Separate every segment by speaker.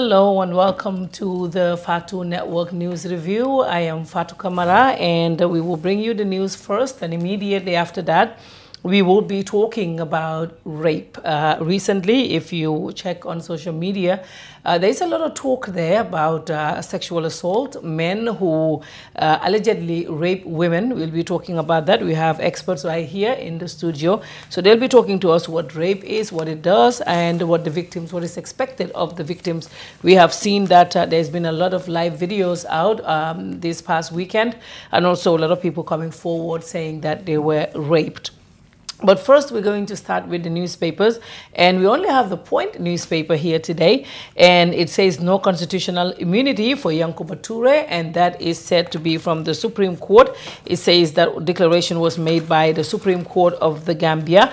Speaker 1: Hello and welcome to the Fatu Network News Review. I am Fatu Kamara and we will bring you the news first and immediately after that we will be talking about rape. Uh, recently, if you check on social media, uh, there's a lot of talk there about uh, sexual assault, men who uh, allegedly rape women. We'll be talking about that. We have experts right here in the studio. So they'll be talking to us what rape is, what it does, and what the victims, what is expected of the victims. We have seen that uh, there's been a lot of live videos out um, this past weekend, and also a lot of people coming forward saying that they were raped. But first, we're going to start with the newspapers. And we only have the Point newspaper here today. And it says no constitutional immunity for Yankuba Toure. And that is said to be from the Supreme Court. It says that declaration was made by the Supreme Court of the Gambia.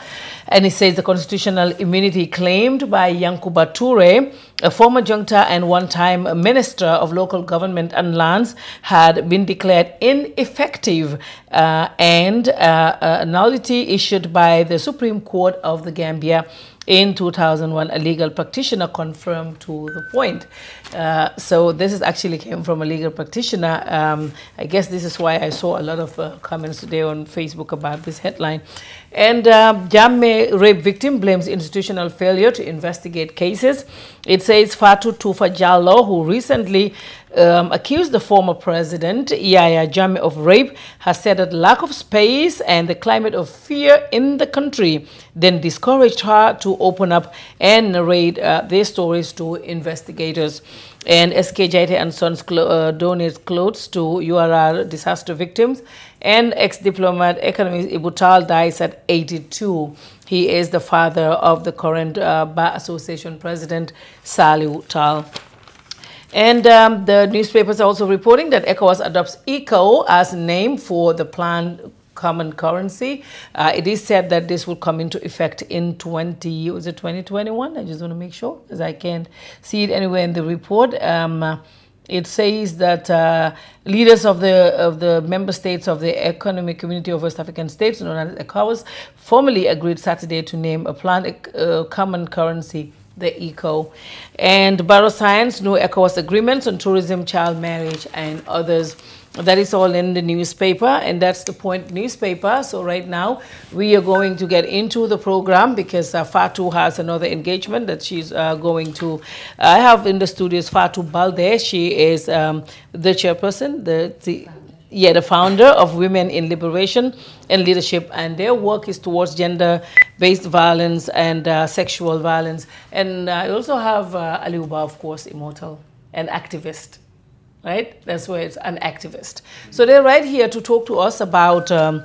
Speaker 1: And it says the constitutional immunity claimed by Yankuba Toure, a former junta and one-time minister of local government and lands, had been declared ineffective uh, and uh, nullity issued by the Supreme Court of the Gambia in 2001, a legal practitioner confirmed to the point. Uh, so this is actually came from a legal practitioner. Um, I guess this is why I saw a lot of uh, comments today on Facebook about this headline. And uh, Jamme rape victim blames institutional failure to investigate cases. It says Fatu Tufa Jallo, who recently um, accused the former president, Yaya Jamme, of rape, has said that lack of space and the climate of fear in the country then discouraged her to open up and narrate uh, their stories to investigators. And SKJT and Sons cl uh, donates clothes to URR disaster victims and ex-diplomat, economist Ibutal dies at 82. He is the father of the current uh, Bar Association president, Saliu Tal. And um, the newspapers are also reporting that ECOWAS adopts ECO as name for the planned common currency. Uh, it is said that this will come into effect in 20, was it 2021? I just want to make sure because I can't see it anywhere in the report. Um, it says that uh, leaders of the of the member states of the Economic Community of West African States, known as ECOWAS, formally agreed Saturday to name a planned uh, common currency, the ECO, and Barrow Science, new ECOWAS agreements on tourism, child marriage, and others that is all in the newspaper and that's the point newspaper so right now we are going to get into the program because uh, Fatu has another engagement that she's uh, going to I have in the studios Fatu Balde she is um, the chairperson the, the yeah, the founder of Women in Liberation and Leadership, and their work is towards gender-based violence and uh, sexual violence. And I also have uh, Aliuba, of course, immortal, an activist right? That's where it's an activist. So they're right here to talk to us about um,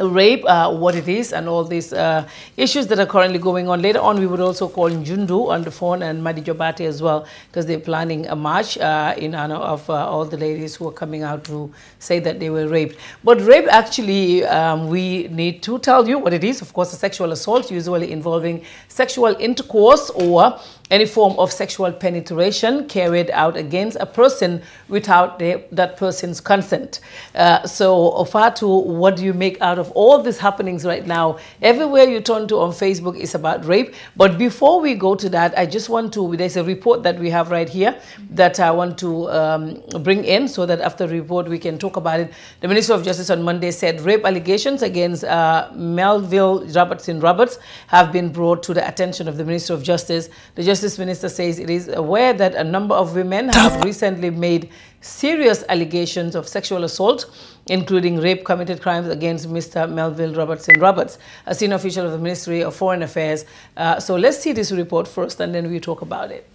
Speaker 1: rape, uh, what it is, and all these uh, issues that are currently going on. Later on, we would also call Njundu on the phone and Madi as well, because they're planning a march uh, in honor of uh, all the ladies who are coming out to say that they were raped. But rape, actually, um, we need to tell you what it is. Of course, a sexual assault, usually involving sexual intercourse or any form of sexual penetration carried out against a person without the, that person's consent. Uh, so, Ofatu, what do you make out of all these happenings right now? Everywhere you turn to on Facebook is about rape. But before we go to that, I just want to, there's a report that we have right here that I want to um, bring in so that after the report we can talk about it. The Minister of Justice on Monday said rape allegations against uh, Melville Robertson Roberts have been brought to the attention of the Minister of Justice. The Justice Justice Minister says it is aware that a number of women have recently made serious allegations of sexual assault, including rape committed crimes against Mr. Melville Robertson Roberts, a senior official of the Ministry of Foreign Affairs. Uh, so let's
Speaker 2: see this report first and then we talk about it.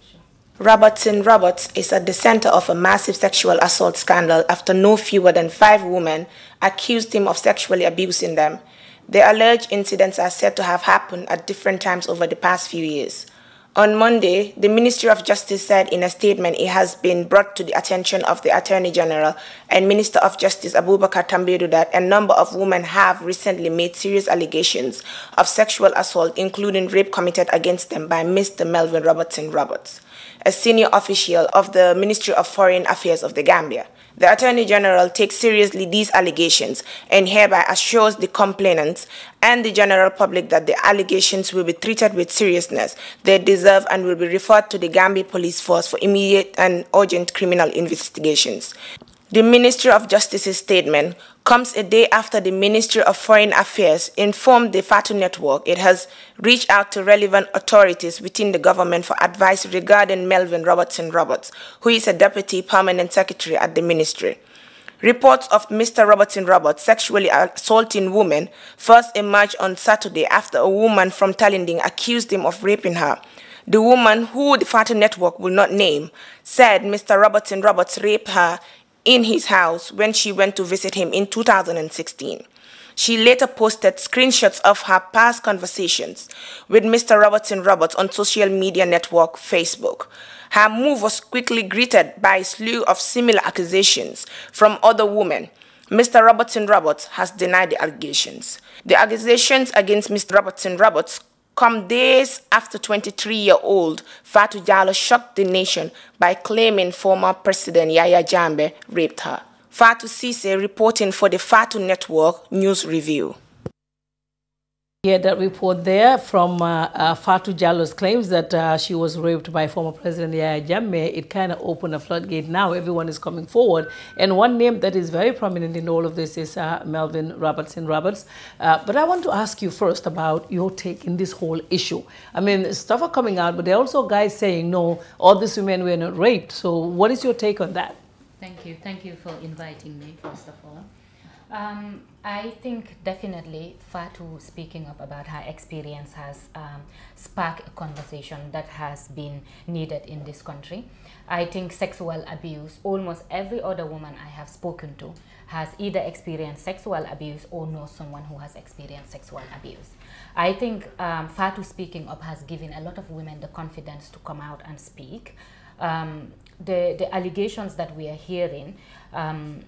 Speaker 2: Robertson Roberts is at the center of a massive sexual assault scandal after no fewer than five women accused him of sexually abusing them. The alleged incidents are said to have happened at different times over the past few years. On Monday, the Ministry of Justice said in a statement it has been brought to the attention of the Attorney General and Minister of Justice Abubakar Tambedu that a number of women have recently made serious allegations of sexual assault, including rape committed against them by Mr. Melvin Robertson Roberts, a senior official of the Ministry of Foreign Affairs of the Gambia. The Attorney General takes seriously these allegations and hereby assures the complainants and the general public that the allegations will be treated with seriousness they deserve and will be referred to the Gambia Police Force for immediate and urgent criminal investigations. The Ministry of Justice's statement comes a day after the Ministry of Foreign Affairs informed the FATU network it has reached out to relevant authorities within the government for advice regarding Melvin Robertson Roberts, who is a deputy permanent secretary at the ministry. Reports of Mr. Robertson Roberts sexually assaulting women first emerged on Saturday after a woman from Tallinding accused him of raping her. The woman, who the FATU network will not name, said Mr. Robertson Roberts raped her in his house when she went to visit him in 2016. She later posted screenshots of her past conversations with Mr. Robertson Roberts on social media network Facebook. Her move was quickly greeted by a slew of similar accusations from other women. Mr. Robertson Roberts has denied the allegations. The accusations against Mr. Robertson Roberts Come days after 23-year-old Fatu Jallow shocked the nation by claiming former President Yaya Jambe raped her. Fatu Sise reporting for the Fatu Network News Review
Speaker 1: had that report there from uh, uh, Fatu Jallo's claims that uh, she was raped by former President Yahya Jammeh. It kind of opened a floodgate. Now everyone is coming forward. And one name that is very prominent in all of this is uh, Melvin Robertson Roberts. Uh, but I want to ask you first about your take in this whole issue. I mean, stuff are coming out, but there are also guys saying, no, all these women were not raped. So what is your take on
Speaker 3: that? Thank you. Thank you for inviting me, first of all. Um, I think definitely Fatu speaking up about her experience has um, sparked a conversation that has been needed in this country. I think sexual abuse, almost every other woman I have spoken to has either experienced sexual abuse or knows someone who has experienced sexual abuse. I think um, Fatu speaking up has given a lot of women the confidence to come out and speak. Um, the, the allegations that we are hearing um,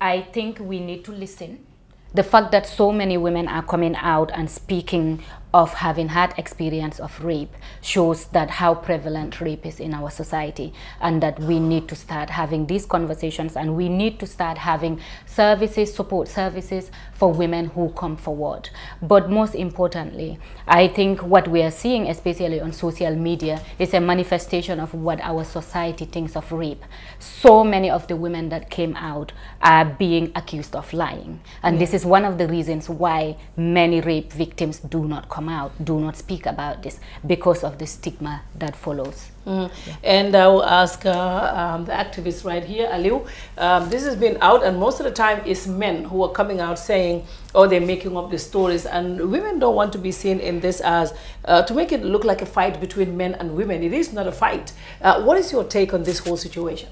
Speaker 3: I think we need to listen. The fact that so many women are coming out and speaking of having had experience of rape shows that how prevalent rape is in our society and that we need to start having these conversations and we need to start having services, support services for women who come forward. But most importantly, I think what we are seeing, especially on social media, is a manifestation of what our society thinks of rape. So many of the women that came out are being accused of lying. And yeah. this is one of the reasons why many rape victims do not come come out do not speak about this because of the stigma that follows. Mm.
Speaker 1: Mm-hmm. Yeah. And I will ask uh, um, the activist right here, Aliu. Um, this has been out, and most of the time it's men who are coming out saying, oh, they're making up the stories. And women don't want to be seen in this as, uh, to make it look like a fight between men and women. It is not a fight. Uh, what is your take on this whole situation?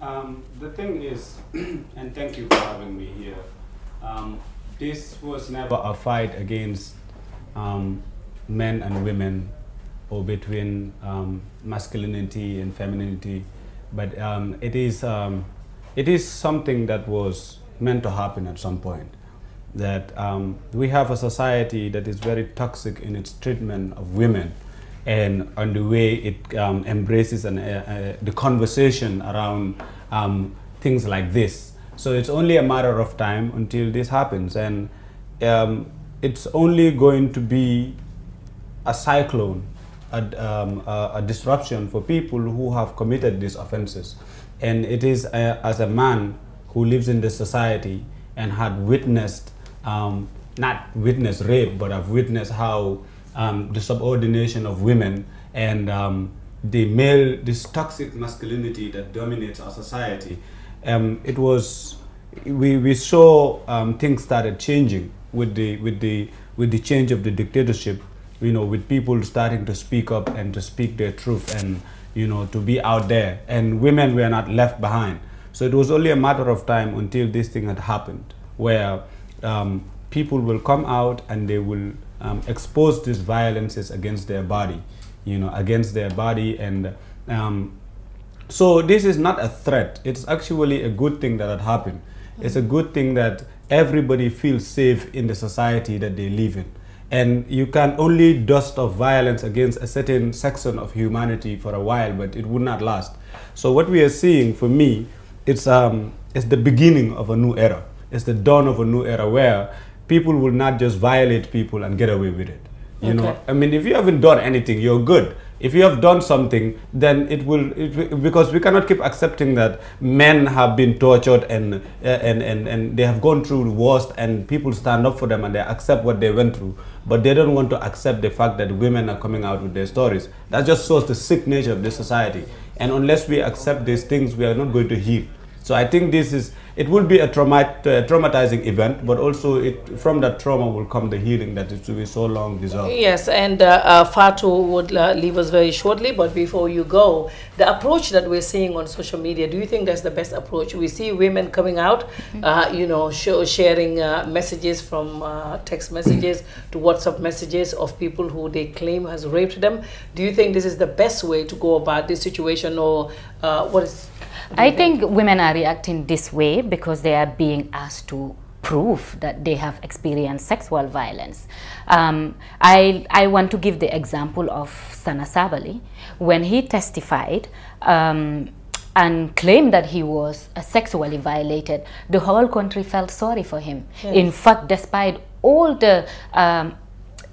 Speaker 4: Um, the thing is, and thank you for having me here, um, this was never a fight against um, men and women or between um, masculinity and femininity but um, it is um, it is something that was meant to happen at some point that um, we have a society that is very toxic in its treatment of women and on the way it um, embraces an, uh, uh, the conversation around things like this so it's only a matter of time until this happens and um, it's only going to be a cyclone, a, um, a, a disruption for people who have committed these offenses. And it is a, uh, as a man who lives in this society and had witnessed, um, not witnessed rape, but I've witnessed how um, the subordination of women and um, the male, this toxic masculinity that dominates our society, um, it was, we, we saw um, things started changing with the with the with the change of the dictatorship you know with people starting to speak up and to speak their truth and you know to be out there and women were not left behind so it was only a matter of time until this thing had happened where um, people will come out and they will um, expose these violences against their body you know against their body and um, so this is not a threat it's actually a good thing that had happened it's a good thing that everybody feels safe in the society that they live in. And you can only dust off violence against a certain section of humanity for a while, but it would not last. So what we are seeing, for me, it's, um, it's the beginning of a new era. It's the dawn of a new era where people will not just violate people and get away with it. You okay. know, I mean, if you haven't done anything, you're good if you have done something then it will it, because we cannot keep accepting that men have been tortured and, uh, and and and they have gone through the worst and people stand up for them and they accept what they went through but they don't want to accept the fact that women are coming out with their stories that just shows the sick nature of this society and unless we accept these things we are not going to heal so i think this is it will be a traumat, uh, traumatizing event, but also it, from that trauma will come the healing that it will be so long deserved.
Speaker 1: Yes, and uh, uh, Fatu would uh, leave us very shortly, but before you go, the approach that we're seeing on social media, do you think that's the best approach? We see women coming out, mm-hmm. uh, you know, sh sharing uh, messages from text messages to WhatsApp messages of people who they claim has raped them. Do you think this is the best way to go about this situation or what is
Speaker 3: I think women are reacting this way because they are being asked to prove that they have experienced sexual violence. Um, I, I want to give the example of Sana Sabali. When he testified, um, and claimed that he was sexually violated, the whole country felt sorry for him. Yes. In fact, despite all the, um,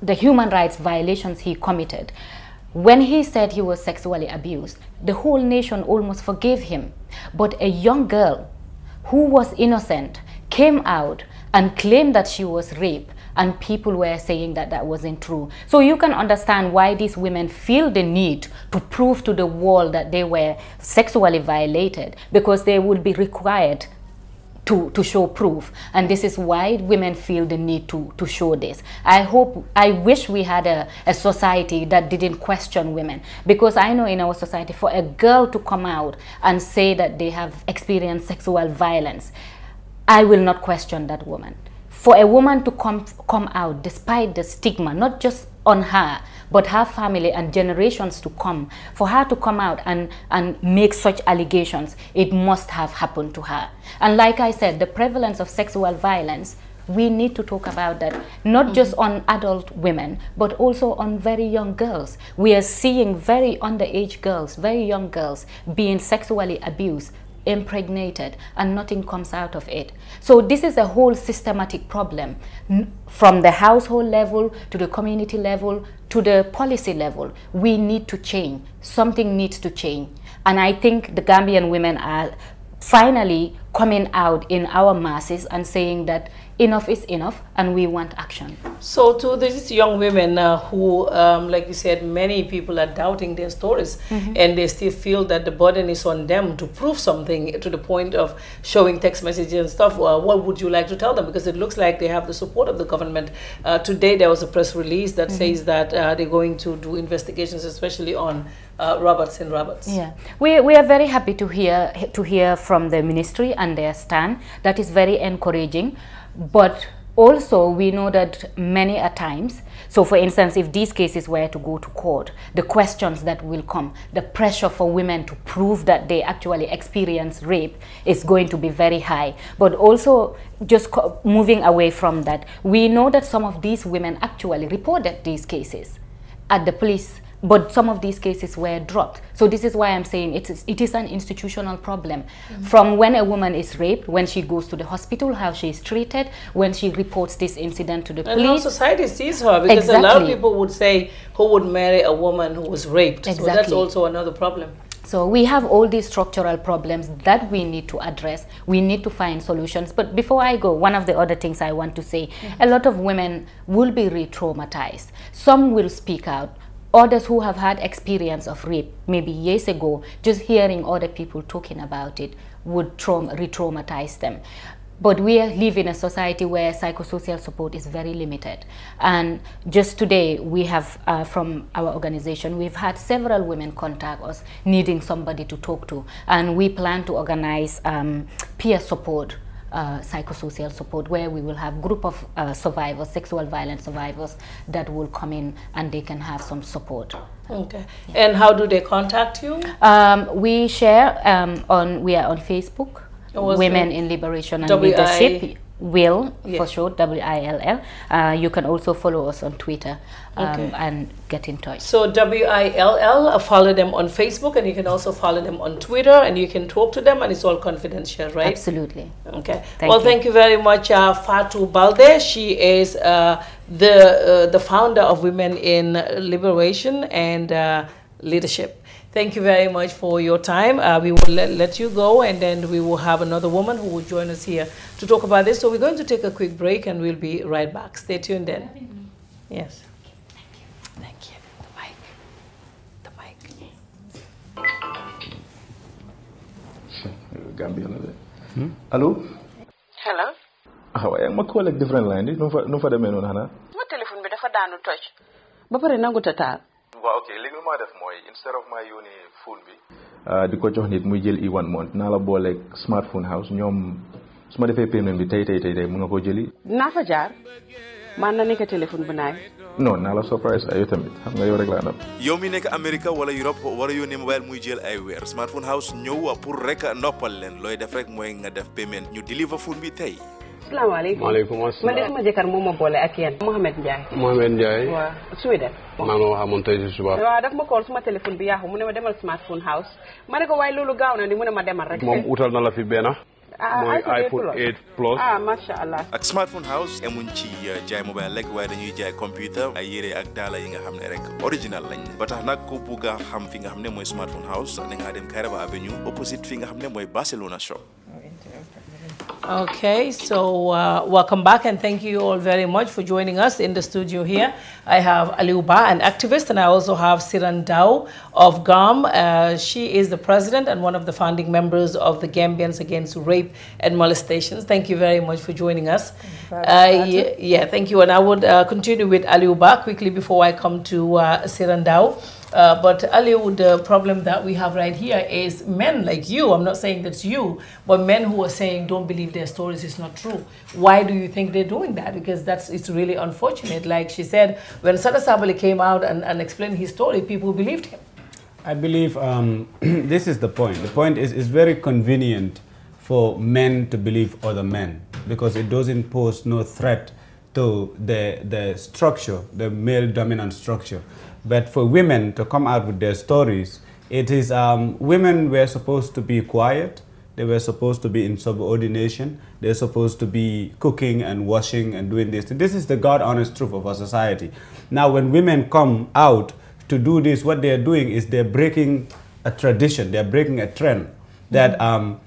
Speaker 3: the human rights violations he committed, when he said he was sexually abused, the whole nation almost forgave him. But a young girl who was innocent came out and claimed that she was raped and people were saying that that wasn't true. So you can understand why these women feel the need to prove to the world that they were sexually violated because they would be required to, to show proof. And this is why women feel the need to, to show this. I hope, I wish we had a, a society that didn't question women. Because I know in our society, for a girl to come out and say that they have experienced sexual violence, I will not question that woman. For a woman to come, come out despite the stigma, not just on her, but her family and generations to come, for her to come out and, and make such allegations, it must have happened to her. And like I said, the prevalence of sexual violence we need to talk about that not mm -hmm. just on adult women but also on very young girls we are seeing very underage girls very young girls being sexually abused impregnated and nothing comes out of it. So this is a whole systematic problem from the household level to the community level to the policy level. We need to change. Something needs to change. And I think the Gambian women are finally coming out in our masses and saying that enough is enough and we want action.
Speaker 1: So to these young women uh, who, um, like you said, many people are doubting their stories mm -hmm. and they still feel that the burden is on them to prove something to the point of showing text messages and stuff. Uh, what would you like to tell them? Because it looks like they have the support of the government. Uh, today there was a press release that mm -hmm. says that uh, they're going to do investigations, especially on uh, Roberts and Roberts. Yeah,
Speaker 3: we, we are very happy to hear to hear from the ministry and their stand. That is very encouraging, but also we know that many a times so for instance if these cases were to go to court the questions that will come the pressure for women to prove that they actually experience rape is going to be very high but also just moving away from that we know that some of these women actually reported these cases at the police but some of these cases were dropped. So this is why I'm saying it is, it is an institutional problem. Mm -hmm. From when a woman is raped, when she goes to the hospital, how she is treated, when she reports this incident to the and police. And how
Speaker 1: society sees her, because exactly. a lot of people would say, who would marry a woman who was raped? Exactly. So that's also another problem.
Speaker 3: So we have all these structural problems that we need to address. We need to find solutions. But before I go, one of the other things I want to say, mm -hmm. a lot of women will be re-traumatized. Some will speak out others who have had experience of rape, maybe years ago, just hearing other people talking about it would re-traumatize them. But we live in a society where psychosocial support is very limited. And just today, we have, uh, from our organization, we've had several women contact us needing somebody to talk to. And we plan to organize um, peer support uh, psychosocial support where we will have group of uh, survivors, sexual violence survivors that will come in and they can have some support.
Speaker 1: Okay. Yeah. And how do they contact you?
Speaker 3: Um, we share um, on, we are on Facebook, Women it? in Liberation and Leadership. Will yes. for sure W I L L. Uh, you can also follow us on Twitter um, okay. and get in touch. So
Speaker 1: W I L L. Uh, follow them on Facebook, and you can also follow them on Twitter, and you can talk to them, and it's all confidential, right? Absolutely. Okay. Thank well, you. thank you very much, uh, Fatou Balde. She is uh, the uh, the founder of Women in Liberation and uh, Leadership. Thank you very much for your time. Uh, we will let, let, you go and then we will have another woman who will join us here to talk about this. So we're going to take a quick break and we'll be right back. Stay tuned then. Yes. Thank you. Thank you. The mic.
Speaker 4: The mic. Gambia. Hmm? Hello? Hello? ah waaye ma call ak different line No, nu fa nu fa demee noonu xanaa.
Speaker 2: sama téléphone bi dafa daanu toj. ba pare nangu ta taal. waaw ok léegi lu ma def mooy instead of ma yónnee phone bi.
Speaker 4: Ah, di ko jox nit muy jël i one month naa la booleeg smartphone house ñoom su ma defee paiement bi tey tey tey tey mun nga ko jëli.
Speaker 2: naa fa jaar man na nekk téléphone bu naay.
Speaker 4: non
Speaker 5: naa la surprise ayo tamit xam nga yoo rek laa ndam.
Speaker 4: yow mi nekk Amérique wala Europe war a yónnee mobile muy jël ay weer smartphone house ñëw pour rek noppal leen looy def rek mooy nga def paiement ñu deliver phone bi tey.
Speaker 2: salaamaaleykum maaleykum asalaam man de sama jëkkër moom ma boole ak yéen Mohamed Ndiaye Mohamed Ndiaye waaw Suède maa ma waxamoon tey si suba waaw daf ma kool suma téléphone bi yaaxu mu ne ma demal smartphone house ma ne ko waaye loolu gaaw na ni mu ne ma demal rek moom utal na la fi benn ah, ah, mooy iPhone 8 plus ah macha allah.
Speaker 4: ak smartphone house emuñ ci uh, jaay mobile rek waaye dañuy jaay computer ay yére ak daala yi nga xam ne rek original lañ ba tax nag ku bugg a xam fi nga xam ne mooy smartphone house da ngaa dem Kairaba Avenue nga xam ne mooy
Speaker 5: Barcelona shop oh,
Speaker 1: Okay, so uh, welcome back and thank you all very much for joining us in the studio here. I have Aliuba, an activist, and I also have Siran Dao of GAM. Uh, she is the president and one of the founding members of the Gambians Against Rape and Molestations. Thank you very much for joining us. Uh, yeah, thank you. And I would uh, continue with Aliuba quickly before I come to uh, Siran Dao. Uh, but Aliu, the problem that we have right here is men like you, I'm not saying that's you, but men who are saying don't believe their stories is not true. Why do you think they're doing that? Because that's it's really unfortunate. Like she said, when Sada Sabali came out and, and explained his story, people believed him.
Speaker 4: I believe um, this is the point. The point is it's very convenient for men to believe other men because it doesn't pose no threat to the, the structure, the male dominant structure. But for women to come out with their stories, it is um, women were supposed to be quiet. They were supposed to be in subordination. They're supposed to be cooking and washing and doing this. This is the God honest truth of our society. Now, when women come out to do this, what they're doing is they're breaking a tradition, they're breaking a trend that. Mm. Um,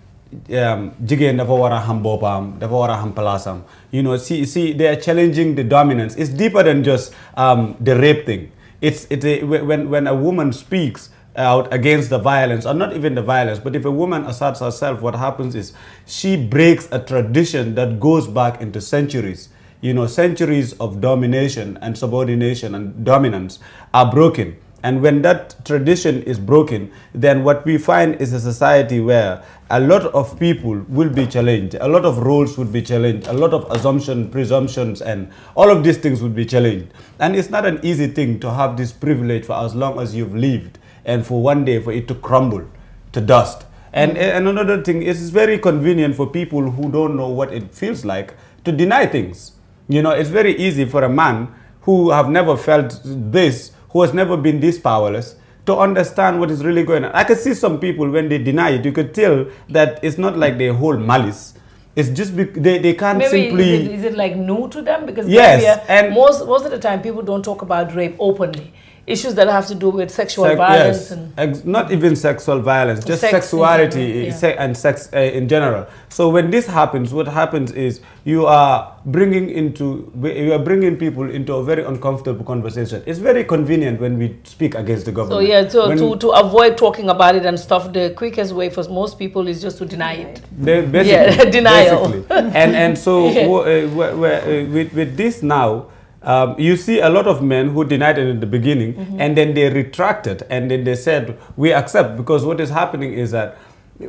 Speaker 4: um, jigéen dafa you know see see they are challenging the dominance it's deeper than just um, the rape thing it's, it when, when a woman speaks out against the violence, or not even the violence, but if a woman asserts herself, what happens is she breaks a tradition that goes back into centuries. You know, centuries of domination and subordination and dominance are broken and when that tradition is broken, then what we find is a society where a lot of people will be challenged, a lot of rules would be challenged, a lot of assumptions, presumptions, and all of these things would be challenged. And it's not an easy thing to have this privilege for as long as you've lived and for one day for it to crumble to dust. And, mm. and another thing, it's very convenient for people who don't know what it feels like to deny things. You know, it's very easy for a man who have never felt this who has never been this powerless to understand what is really going on. I can see some people when they deny it, you could tell that it's not like they hold malice. It's just they, they can't maybe simply. Is it,
Speaker 1: is it like new to them? Because yes, and most most of the time people don't talk about rape openly issues that have to do with sexual violence. Yes.
Speaker 4: and Not even sexual violence, just sex sexuality yeah. and sex uh, in general. So when this happens, what happens is you are bringing into you are bringing people into a very uncomfortable conversation. It's very convenient when we speak against the government. So yeah, so to,
Speaker 1: to avoid talking about it and stuff, the quickest way for most people is just to deny it. They, basically, yeah, denial. Basically. and and so yeah.
Speaker 4: Uh, uh, with, with this now um, you see a lot of men who denied it in the beginning mm -hmm. and then they retracted and then they said we accept because what is happening is that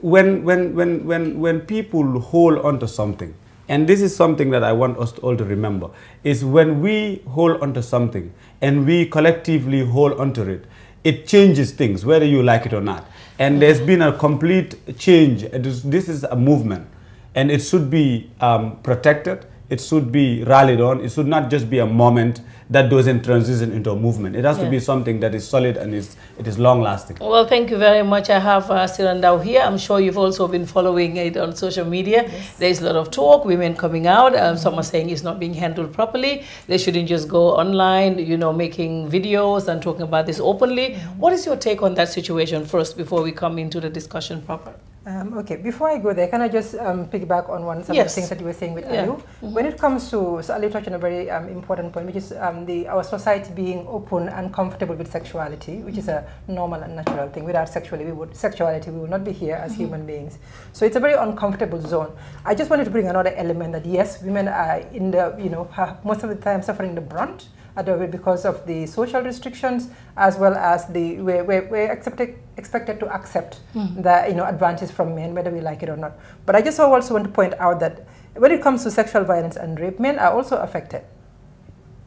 Speaker 4: when when when when when people hold on to something and this is something that I want us all to remember is when we hold on to something and we collectively hold onto it, it changes things whether you like it or not. And there's mm-hmm. been a complete change. this is a movement and it should be um, protected it should be rallied on. It should not just be a moment that doesn't transition into a movement. It has yeah. to be something that is solid and is, it is long lasting.
Speaker 1: Well, thank you very much. I have uh, Sirandau here. I'm sure you've also been following it on social media. Yes. There's a lot of talk, women coming out. Um, some are saying it's not being handled properly. They shouldn't just go online, you know, making videos and talking about this openly. Mm-hmm. What is your take on that situation first before we come into the discussion proper?
Speaker 6: Um, okay, before I go there, can I just um, piggyback on one some yes. of the things that you were saying with yeah. Mm -hmm. When it comes to, so Aliu touched on a very um, important point, which is um, the, our society being open and comfortable with sexuality, which mm -hmm. is a normal and natural thing. Without sexuality, we would sexuality we would not be here as mm -hmm. human beings. So it's a very uncomfortable zone. I just wanted to bring another element that yes, women are in the you know most of the time suffering the brunt Adobe because of the social restrictions as well as the we're, we're accepted, expected to accept mm. the you know advances from men whether we like it or not. But I just also want to point out that when it comes to sexual violence and rape, men are also affected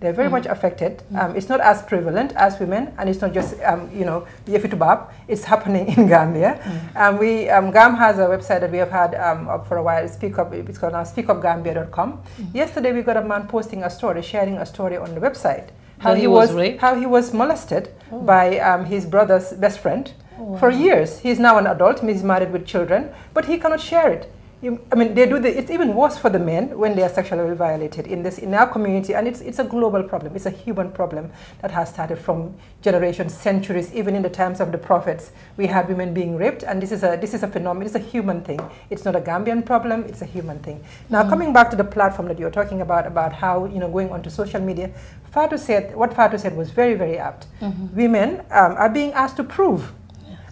Speaker 6: they're very mm. much affected. Mm. Um, it's not as prevalent as women, and it's not just, um, you know, Yefitubab. It's happening in Gambia. Mm. Um, we, um, GAM has a website that we have had um, up for a while, Speak Up, it's called now speakupgambia.com. Mm. Yesterday, we got a man posting a story, sharing a story on the website. How he, he was, was how he was molested oh. by um, his brother's best friend. Oh, wow. For years, he's now an adult, he's married with children, but he cannot share it you, I mean, they do the, it's even worse for the men when they are sexually violated in this, in our community. And it's, it's a global problem. It's a human problem that has started from generations, centuries, even in the times of the prophets. We had women being raped. And this is a, this is a phenomenon. It's a human thing. It's not a Gambian problem. It's a human thing. Now, mm -hmm. coming back to the platform that you're talking about, about how, you know, going onto social media, Fatu said, what Fatu said was very, very apt. Mm -hmm. Women um, are being asked to prove.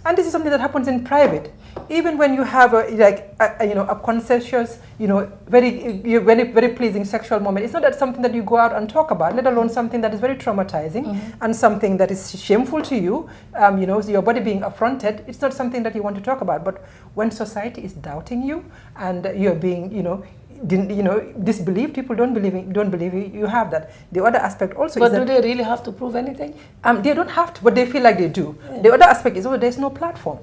Speaker 6: And this is something that happens in private even when you have a like a, you know a consensuous you know very very very pleasing sexual moment it's not that something that you go out and talk about let alone something that is very traumatizing mm -hmm. and something that is shameful to you um, you know your body being affronted it's not something that you want to talk about but when society is doubting you and you're being you know you know disbelief people don't believe don't believe you have that the other aspect also but do they
Speaker 1: really have to prove anything
Speaker 6: um, they don't have to but they feel like they do yeah. the other aspect is oh there's no platform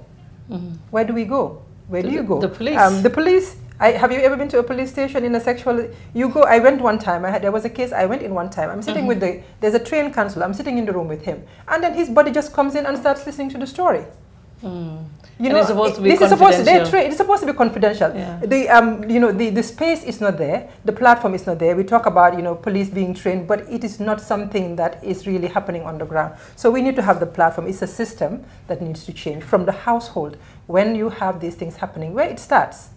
Speaker 6: Mm. Where do we go? Where do you go? The police. Um, the police. I, have you ever been to a police station in a sexual? You go. I went one time. I had, there was a case. I went in one time. I'm sitting mm -hmm. with mm-hmm. the. There's a train counselor. I'm sitting in the room with him, and then his body just comes in and starts listening to the story. Mm.
Speaker 7: You know, it's supposed to be this is supposed to,
Speaker 6: it's supposed to be confidential. Yeah. The um, you know, the, the space is not there. The platform is not there. We talk about you know police being trained, but it is not something that is really happening on the ground. So we need to have the platform. It's a system that needs to change from the household. When you have these things happening, where it starts,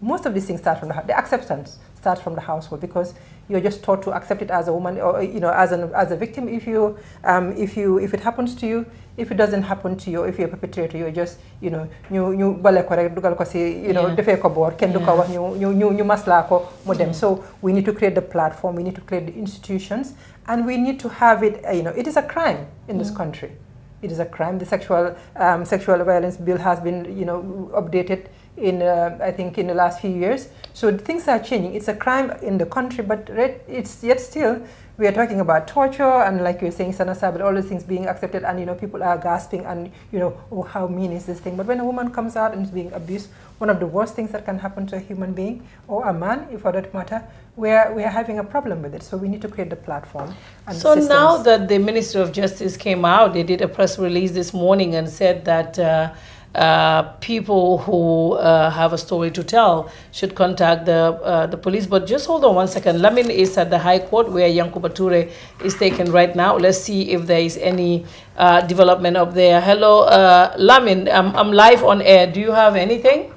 Speaker 6: most of these things start from the, the acceptance starts from the household because you're just taught to accept it as a woman or you know as an as a victim if you um, if you if it happens to you if it doesn't happen to you if you're a perpetrator you're just you know you you know defee ko boor so we need to create the platform we need to create the institutions and we need to have it you know it is a crime in this country it is a crime the sexual um, sexual violence bill has been you know updated in uh, I think in the last few years. So things are changing. It's a crime in the country, but it's yet still we are talking about torture and like you're saying sanasa, but all those things being accepted and you know people are gasping and you know oh how mean is this thing? But when a woman comes out and is being abused, one of the worst things that can happen to a human being or a man, if for that matter, we are we are having a problem with it. So we need to create the platform. so now
Speaker 1: that the Minister of Justice came out, they did a press release this morning and said that. Uh, uh, people who uh, have a story to tell should contact the uh, the police. But just hold on one second. Lamin is at the High Court where Yanko Bature is taken right now. Let's see if there is any uh, development up there. Hello, uh, Lamin. I'm, I'm live on air. Do you have anything?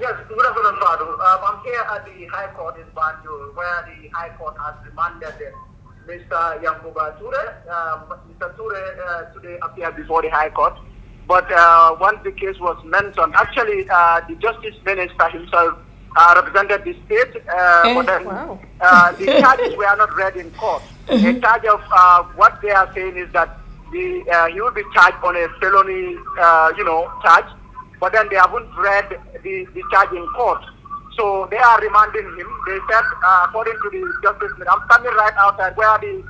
Speaker 7: Yes, good afternoon, Fadu. Um, I'm here at the High Court in Banjul, where the High Court has demanded Mr. Yankuba Ture. Mr. Um, Ture today appeared before the High Court but uh, once the case was mentioned, actually, uh, the justice minister himself uh, represented the state, but uh, eh, then wow. Uh, the charges were not read in court. The mm-hmm. charge of uh, what they are saying is that the, he will be charged on a felony, you know, charge, but then they haven't read the, the charge in court. So they are remanding him. They said, according to the justice minister, I'm standing right outside where the,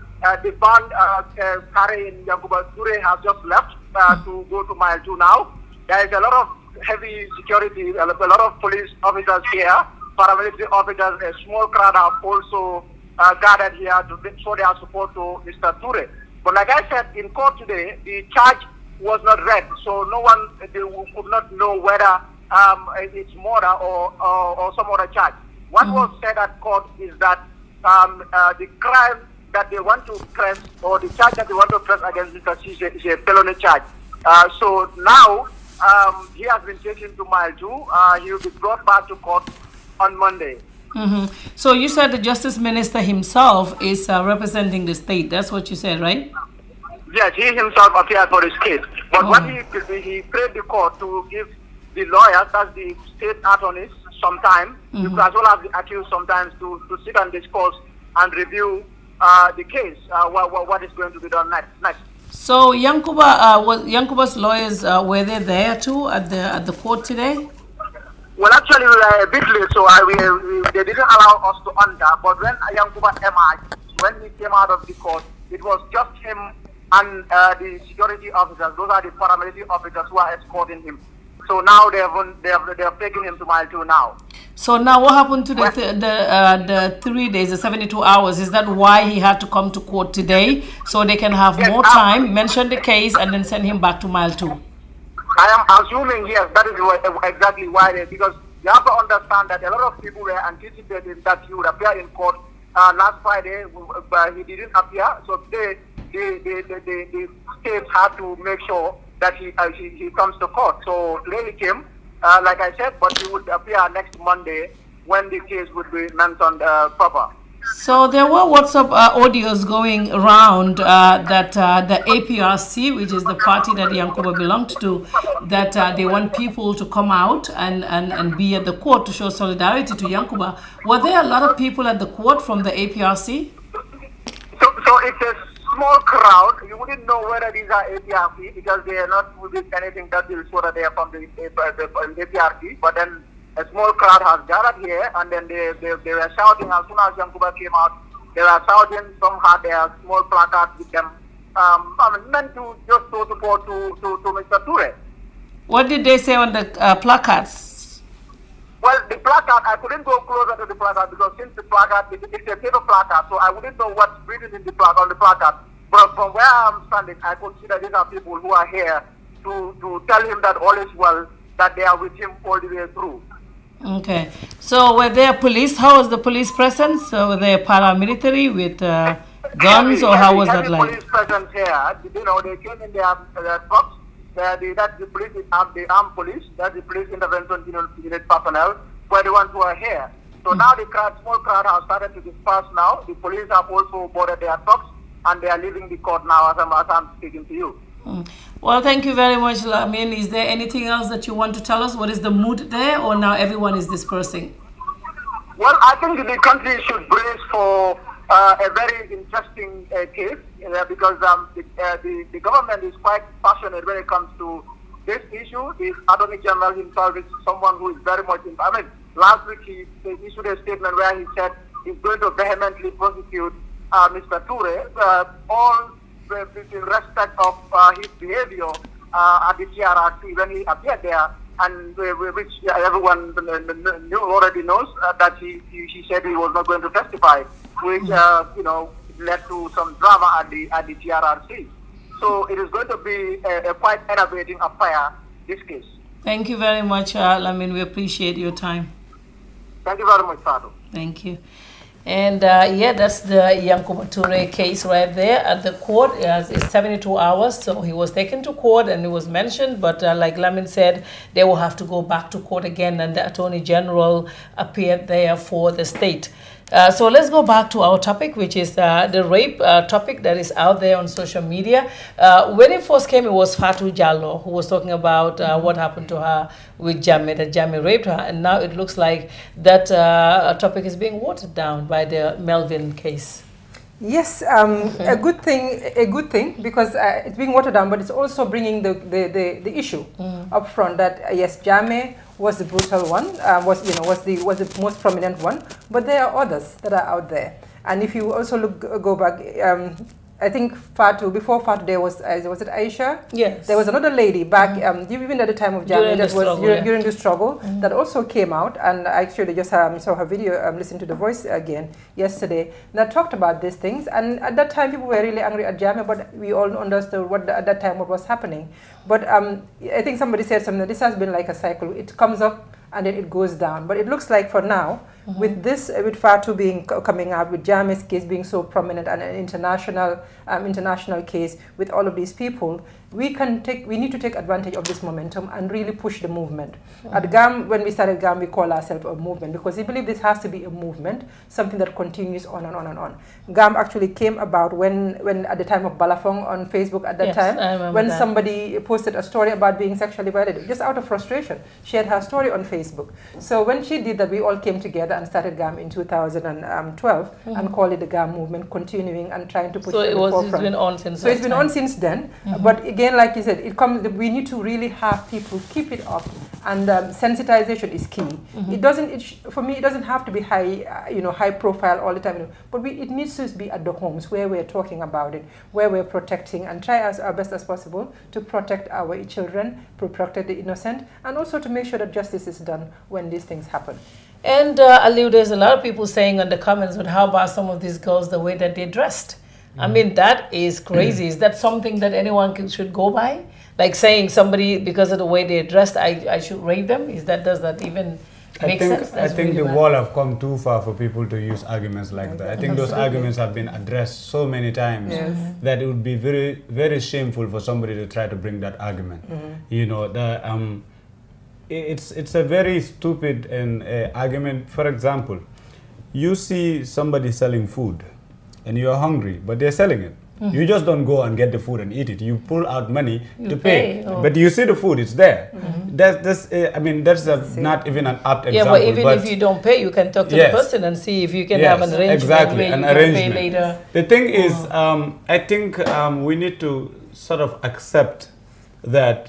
Speaker 7: the band carrying Yankuba Sure has just left uh, to go to mile two now. There is a lot of heavy security, a lot of police officers here, paramilitary officers, a small crowd are also uh, gathered here to show their support to Mr. Ture. But like I said, in court today, the charge was not read, so no one could not know whether um, it's murder or, or, or, some other charge. What mm was said at court is that um, uh, the crime that they want to press or the charge that they want to press against Mr. C is a, felony charge. Uh, so now um, he has been taken to mile two. Uh, he will be brought back to court on Monday.
Speaker 1: Mm -hmm. So you said the justice minister himself is uh, representing the state. That's what you said, right?
Speaker 7: Yes, he himself appeared for his case. But oh. what he oh. he prayed the court to give the lawyers, as the state attorneys, some time, mm -hmm. because all well as the accused sometimes to, to sit and discuss and review uh, the case, uh, what, what is going to be done next. next.
Speaker 1: So Yankuba, uh, was, Yankuba's lawyers, uh, were they there too at the, at the court today? Well, actually,
Speaker 7: we uh, were a bit late, so I, we, we, they didn't allow us to enter. But when Yankuba emerged, when he came out of the court, it was just him and the security officers. Those are the paramilitary officers who are escorting him. So now they have they have, they have taken him to mile two now.
Speaker 1: So now what happened to the th the uh, the three days, the seventy two hours? Is that why he had to come to court today so they can have yes, more uh, time, mention the case, and then send him back to mile two?
Speaker 7: I am assuming yes, that is exactly why they because you have to understand that a lot of people were anticipating that he would appear in court uh, last Friday, but he didn't appear. So today, the the the, the, the state had to make sure that he, uh, he, he, comes to court. So Lely came, uh, like I said, but he would appear next Monday when the case
Speaker 1: would be mentioned uh, proper. So there were WhatsApp uh, audios going around uh, that uh, the APRC, which is the party that Yankuba belonged to, that uh, they want people to come out and, and, and be at the court to show solidarity to Yankuba. Were there a lot of people at the court from the APRC?
Speaker 7: So, so it is small crowd. You wouldn't know whether these are APRP because they are not moving anything that will show that they are from the, the APRP. But then a small crowd has gathered here, and then they, they, they were shouting as soon as Yankuba came out. They were shouting. Some had their small placards with them. Um, I mean, meant to just show support to, to, to Mr. Ture. What did they say
Speaker 1: on the uh, placards?
Speaker 7: Well, the placard, I couldn't go closer to the placard because since the placard, it, it's a paper placard, so I wouldn't know what's written in the placard, on the placard. But from where I'm standing, I consider these are people who are here to, to tell him that all is well, that they are with him all the way through.
Speaker 1: Okay. So were there police? How was the police presence? So were there paramilitary with uh, guns, heavy, or how heavy, was that like? police
Speaker 7: presence here. You know, they came in their, their trucks the, the, that the police, the armed police, that the police intervention unit personnel were the ones who are here. So mm. now the crowd, small crowd has started to disperse now. The police have also boarded their trucks and they are leaving the court now as I'm, as I'm speaking to you. Mm.
Speaker 1: Well, thank you very much, Lamin. Is there anything else that you want to tell us? What is the mood there or now everyone is dispersing?
Speaker 7: Well, I think the country should brace for uh, a very interesting uh, case uh, because um, the, the, the, government is quite passionate when it comes to this issue. The Attorney General himself is someone who is very much, in, I mean, last week he, he issued a statement where he said he's going to vehemently prosecute uh, Mr. Toure, uh, all with respect of uh, his behavior at the TRRC when he appeared there and which everyone knew, already knows uh, that he, he, said he was not going to testify, which mm-hmm. uh, you know led to some drama at the at the GRRC. So it is going to be a, a quite enervating affair this case.
Speaker 1: Thank you very much, Al. I mean, we appreciate your time. Thank you very much, Fado. Thank you. And uh, yeah, that's the Yankuba Toure case right there at the court. Uh, it's 72 hours, so he was taken to court and it was mentioned. But uh, like Lamin said, they will have to go back to court again, and the Attorney General appeared there for the state. Uh, so let's go back to our topic, which is uh, the rape uh, topic that is out there on social media. Uh, when it first came, it was Fatu Jallo who was talking about uh, what happened to her with Jami. that Jami raped her. And now it looks like that topic is being watered down by the Melvin case.
Speaker 6: Yes, um, a good thing, a good thing, because it's being watered down, but it's also bringing the, the, the, the issue mm. up front that, yes, Jame was the brutal one, uh, was, you know, was the, was the most prominent one, but there are others that are out there. And if you also look, go back um, I think Fatu, before Fatu there was, uh, was it Aisha? Yes. There was another lady back, mm-hmm. um, even at the time of Jammeh, during that was struggle, during, yeah. during, the struggle, mm -hmm. that also came out, and I actually just um, saw her video, um, listened to the voice again yesterday, that talked about these things, and at that time people were really angry at Jammeh, but we all understood what the, at that time what was happening. But um, I think somebody said something, this has been like a cycle, it comes up, and then it goes down. But it looks like for now, mm -hmm. with this, uh, with Fatu being coming up, with Jamis case being so prominent and an international um, international case, with all of these people, we can take we need to take advantage of this momentum and really push the movement. Mm. At GAM, when we started GAM, we call ourselves a movement because we believe this has to be a movement, something that continues on and on and on. GAM actually came about when when at the time of Balafong on Facebook at that yes, time, when that. somebody posted a story about being sexually violated, just out of frustration. shared her story on Facebook. So when she did that, we all came together and started GAM in 2012 mm. Mm-hmm. and called it the GAM movement, continuing and trying to push so it, it was, forefront. It's been on since so it's been on since then, mm -hmm. but again again, like you said, it comes. We need to really have people keep it up, and um, sensitization is key. Mm -hmm. It doesn't. It for me, it doesn't have to be high, uh, you know, high profile all the time. You know, but we, it needs to be at the homes where we're talking about it, where we're protecting, and try as our best as possible to protect our children, protect the innocent, and also to make sure that justice is done when these things happen.
Speaker 1: And uh, Aliu, there's a lot of people saying in the comments, but how about some of these girls, the way that they dressed? I mean, that is crazy. is that something that anyone can, should go by? Like saying somebody because of the way they're dressed, I, I should rate them. Is that does that even I make think, sense?
Speaker 4: I think really the wall have come too far for people to use arguments like that. I think those arguments have been addressed so many times yes. Mm-hmm. that it would be very very shameful for somebody to try to bring that argument. Mm-hmm. You know, the, um, it's it's a very stupid and uh, argument. For example, you see somebody selling food and you are hungry, but they're selling it. Mm -hmm. You just don't go and get the food and eat it. You pull out money you to pay, pay oh. but you see the food; it's there. Mm -hmm. That's Uh, I mean, that's a, not even an apt example. Yeah, but even but if you
Speaker 1: don't pay, you can talk to yes. the person and see if you can yes, have an arrangement. Exactly, an arrangement. later.
Speaker 4: The thing oh. is, um, I think um, we need to sort of accept that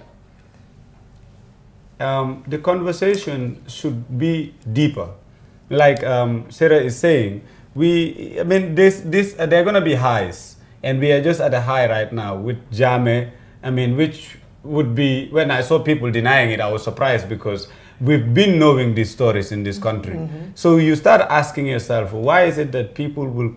Speaker 4: um, the conversation should be deeper. Like um, Sarah is saying we, I mean, this, this, uh, they're going to be highs, and we are just at a high right now with Jame. I mean, which would be when I saw people denying it, I was surprised because we've been knowing these stories in this country. Mm -hmm. So you start asking yourself, why is it that people will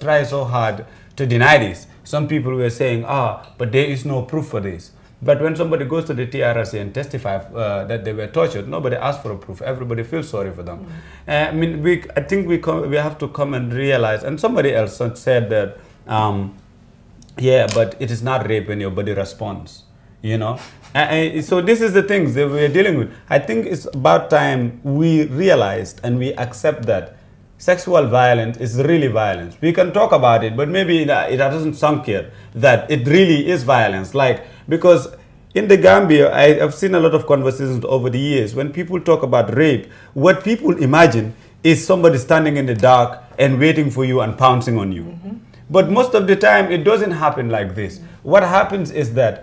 Speaker 4: try so hard to deny this? Some people were saying, ah, but there is no proof for this. But when somebody goes to the TRC and testifies uh, that they were tortured, nobody asks for a proof. Everybody feels sorry for them. Mm -hmm. uh, I mean, we, I think we, we have to come and realize, and somebody else said that, um, yeah, but it is not rape when your body responds, you know? and, uh, and uh, so this is the things that we're dealing with. I think it's about time we realized and we accept that sexual violence is really violence. We can talk about it, but maybe it doesn't sunk in that it really is violence. Like, because in the Gambia, I have seen a lot of conversations over the years when people talk about rape, what people imagine is somebody standing in the dark and waiting for you and pouncing on you. Mm -hmm. But most of the time, it doesn't happen like this. Mm -hmm. What happens is that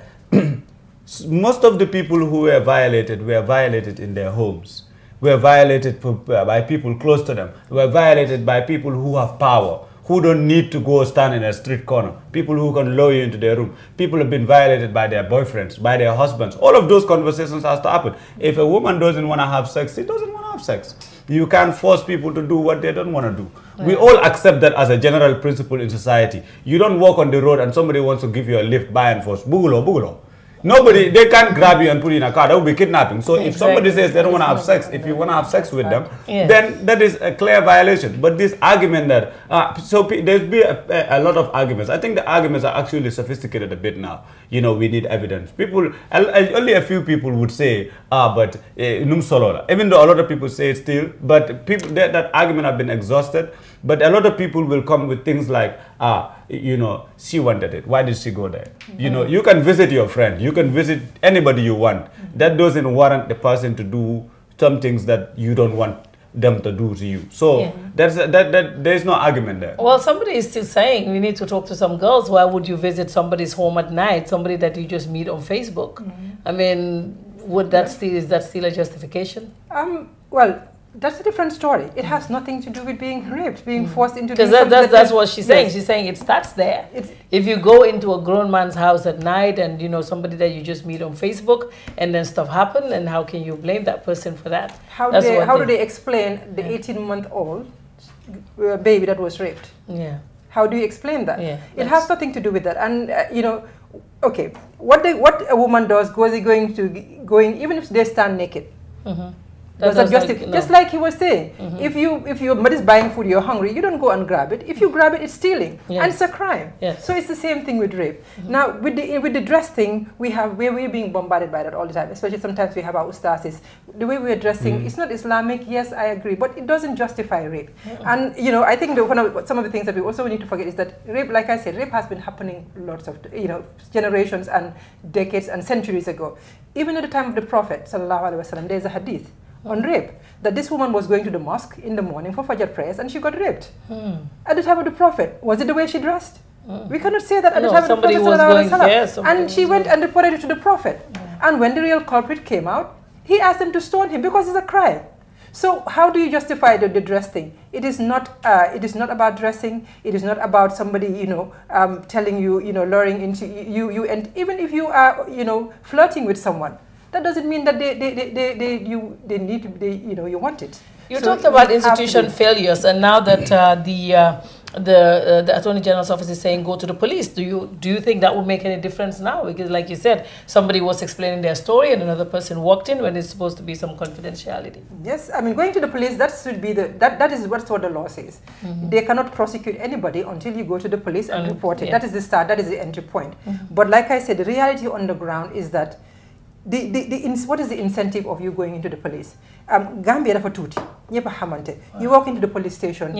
Speaker 4: most of the people who were violated were violated in their homes were violated uh, by people close to them, were violated by people who have power, who don't need to go stand in a street corner, people who can lure you into their room. People have been violated by their boyfriends, by their husbands. All of those conversations has to happen. If a woman doesn't want to have sex, she doesn't want to have sex. You can't force people to do what they don't want to do. Right. We all accept that as a general principle in society. You don't walk on the road and somebody wants to give you a lift by and force. Bugulo, bugulo. Nobody, they can't grab you and put you in a car. That would be kidnapping. So exactly. if somebody says they don't want to have sex, if you want to have sex with them, then that is a clear violation. But this argument that, uh, so there'd be a, a, lot of arguments. I think the arguments are actually sophisticated a bit now. You know, we need evidence. People, only a few people would say, ah, but eh, num uh, even though a lot of people say it still, but people, that, that argument have been exhausted. But a lot of people will come with things like, ah, you know, she wanted it. Why did she go there? Mm -hmm. You know, you can visit your friend. You can visit anybody you want. Mm -hmm. That doesn't warrant the person to do some things that you don't want them to do to you. So yeah. that's that, that there's no argument there.
Speaker 1: Well, somebody is still saying we need to talk to some girls. Why would you visit somebody's home at night? Somebody that you just meet on Facebook. Mm -hmm. I mean, would that yeah. still is that still a justification?
Speaker 6: Um. Well, that's a different story. It has nothing to do with being raped, being mm. forced into. Because that, that's, that's what she's saying. Yes. She's
Speaker 1: saying it starts there. It's, if you go into a grown man's house at night and you know somebody that you just meet on Facebook and then stuff happen, and how can you blame that person for that? How that's they, how they, do they
Speaker 6: explain the eighteen-month-old yeah. Uh, baby that was raped? Yeah. How do you explain that? Yeah, it has nothing to do with that, and uh, you know. Okay, what they, what a woman does goes going to going even if they stand naked, mm -hmm was adjusted. Like, no. Just like he was saying, mm -hmm. if you if your is buying food, you're hungry, you don't go and grab it. If you mm-hmm. grab it, it's stealing, yes. and it's a crime. Yes. So it's the same thing with rape. Mm -hmm. Now with the with the dress thing, we have we we're being bombarded by that all the time. Especially sometimes we have our ustasis. The way we're dressing, mm -hmm. it's not Islamic. Yes, I agree, but it doesn't justify rape. And you know, I think the, one of, some of the things that we also need to forget is that rape, like I said, rape has been happening lots of you know generations and decades and centuries ago. Even at the time of the Prophet, sallallahu alaihi wasallam, there's a hadith on rape. That this woman was going to the mosque in the morning for Fajr prayers and she got raped. Hmm. At the time of the Prophet, was it the way she dressed? Hmm. We cannot say that at no, the time of the Prophet. Was going, yes, and she went going. and reported it to the Prophet. Yeah. Hmm. And when the real culprit came out, he asked them to stone him because it's a crime. So how do you justify the, the dress thing? It is not. Uh, it is not about dressing. It is not about somebody you know um, telling you you know luring into you you and even if you are you know flirting with someone, that doesn't mean that they, they, they, they, they you, they need to, they, you know, you want it. You so talked about institution
Speaker 1: failures, and now that uh, the uh, the uh, the attorney general's office is saying go to the police. Do you do you think that would make any difference now? Because, like you said, somebody was explaining their story and another person walked in when it's supposed to be some confidentiality.
Speaker 6: Yes, I mean going to the police that should be the that that is what what the law says. Mm -hmm. They cannot prosecute anybody until you go to the police and, and report it. Yeah. That is the start. That is the entry point. Mm -hmm. But like I said, the reality on the ground is that the, the, the, what is the incentive of you going into the police? Um, Gambia dafa ñëpp xamante you walk into the police station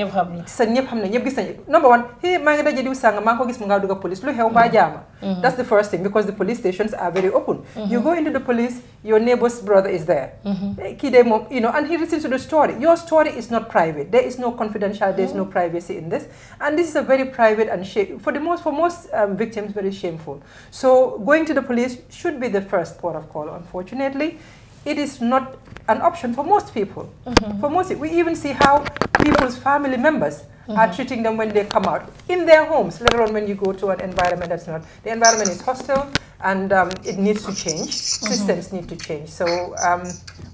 Speaker 6: sa ñëpp xam ne ñëpp gis nañ number one hey maa ngi daje diw sànga maa ngi ko gis mu ngaa dugg police lu xew mbaa mm-hmm. jaama mm-hmm. that's the first thing because the police stations are very open mm-hmm. you go into the police your neighbor's brother is there eh, kii day you know and he listens to the story your story is not private there is no confidential there is no privacy in this and this is a very private and shame for the most for most um, victims very shameful so going to the police should be the first port of call unfortunately it is not an option for most people. Mm -hmm. For most, we even see how people's family members -hmm. are treating them when they come out in their homes, let alone when you go to an environment that's not. The environment is hostile and um, it needs to change. Mm -hmm. Systems need to change. So um,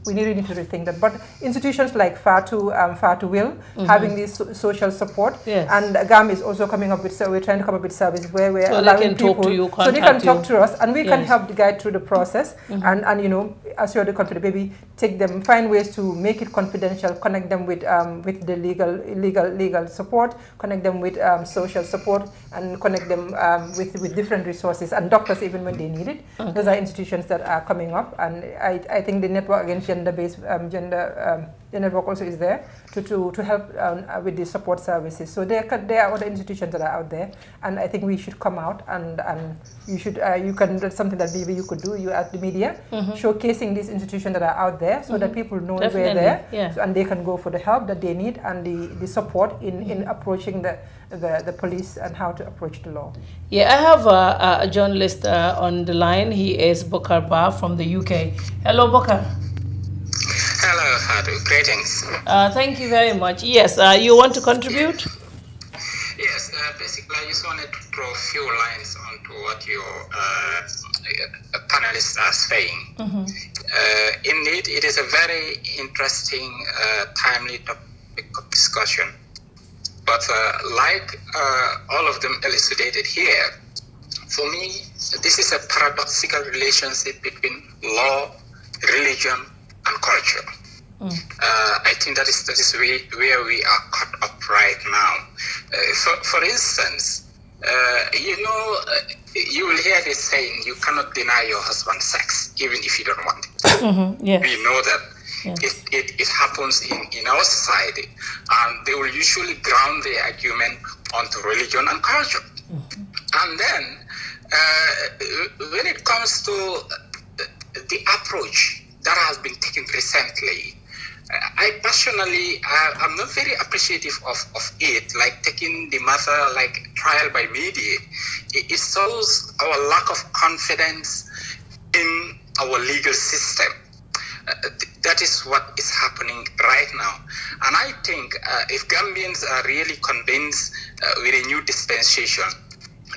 Speaker 6: we really need to rethink that. But institutions like FATU, um, FATU Will, mm -hmm. having this so social support, yes. and GAM is also coming up with, so we're trying to come up with services where we're so allowing people. You, so they can talk you. to us and we yes. can help guide through the process. Mm -hmm. And, and, you know, as you're the confident baby, take them, find ways to make it confidential, connect them with, um, with the legal, legal, legal support support, connect them with um, social support, and connect them um, with, with different resources and doctors even when they need it. Okay. Those are institutions that are coming up, and I, I think the network against gender-based um, gender um, the network also is there to, to, to help um, uh, with the support services. So there, there are other institutions that are out there, and I think we should come out and, and you should uh, you can that's something that maybe you could do. You at the media mm -hmm. showcasing these institutions that are out there so mm -hmm. that mm-hmm. people know Definitely. we're there yeah. so, and they can go for the help that they need and the, the support in, mm -hmm. in mm-hmm. approaching the, the, the police and how to approach the law.
Speaker 1: Yeah, I have a, a journalist uh, on the line. He is Bokar Ba from the UK. Hello, Bokar.
Speaker 5: Hello, Hadu. Greetings.
Speaker 1: Uh, thank you very much. Yes, uh, you want to contribute? Yes, uh, basically, I just wanted to draw a few lines onto what your uh, uh, panelists are saying. Mm-hmm.
Speaker 5: Uh, indeed, it is a very interesting, timely topic of discussion. But like all of them elucidated here, for me, this is a paradoxical relationship between law, religion, and culture. Mm. Uh, I think that is that is where, where we are caught up right now. Uh, for, for instance, uh, you know, uh, you will hear this saying, you cannot deny your husband sex, even if you don't want it. Mm-hmm. Yes. We know that yes. it, it, it happens in, in our society, and they will usually ground their argument onto religion and culture. Mm-hmm. And then, uh, when it comes to the approach that has been taken recently. Uh, I personally, I, am not very appreciative of, of it, like taking the matter like trial by media. It, it shows our lack of confidence in our legal system. Uh, th- that is what is happening right now. And I think uh, if Gambians are really convinced uh, with a new dispensation,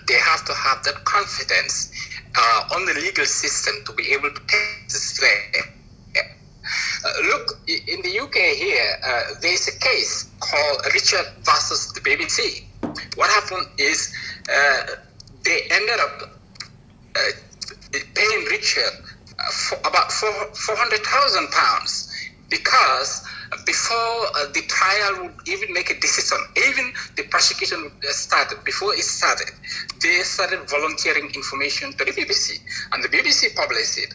Speaker 5: they have to have that confidence uh, on the legal system to be able to take this threat. Uh, look, in the UK here, uh, there's a case called Richard versus the BBC. What happened is uh, they ended up uh, paying Richard uh, for about four, 400,000 pounds because before uh, the trial would even make a decision, even the prosecution uh, started, before it started, they started volunteering information to the BBC, and the BBC published it.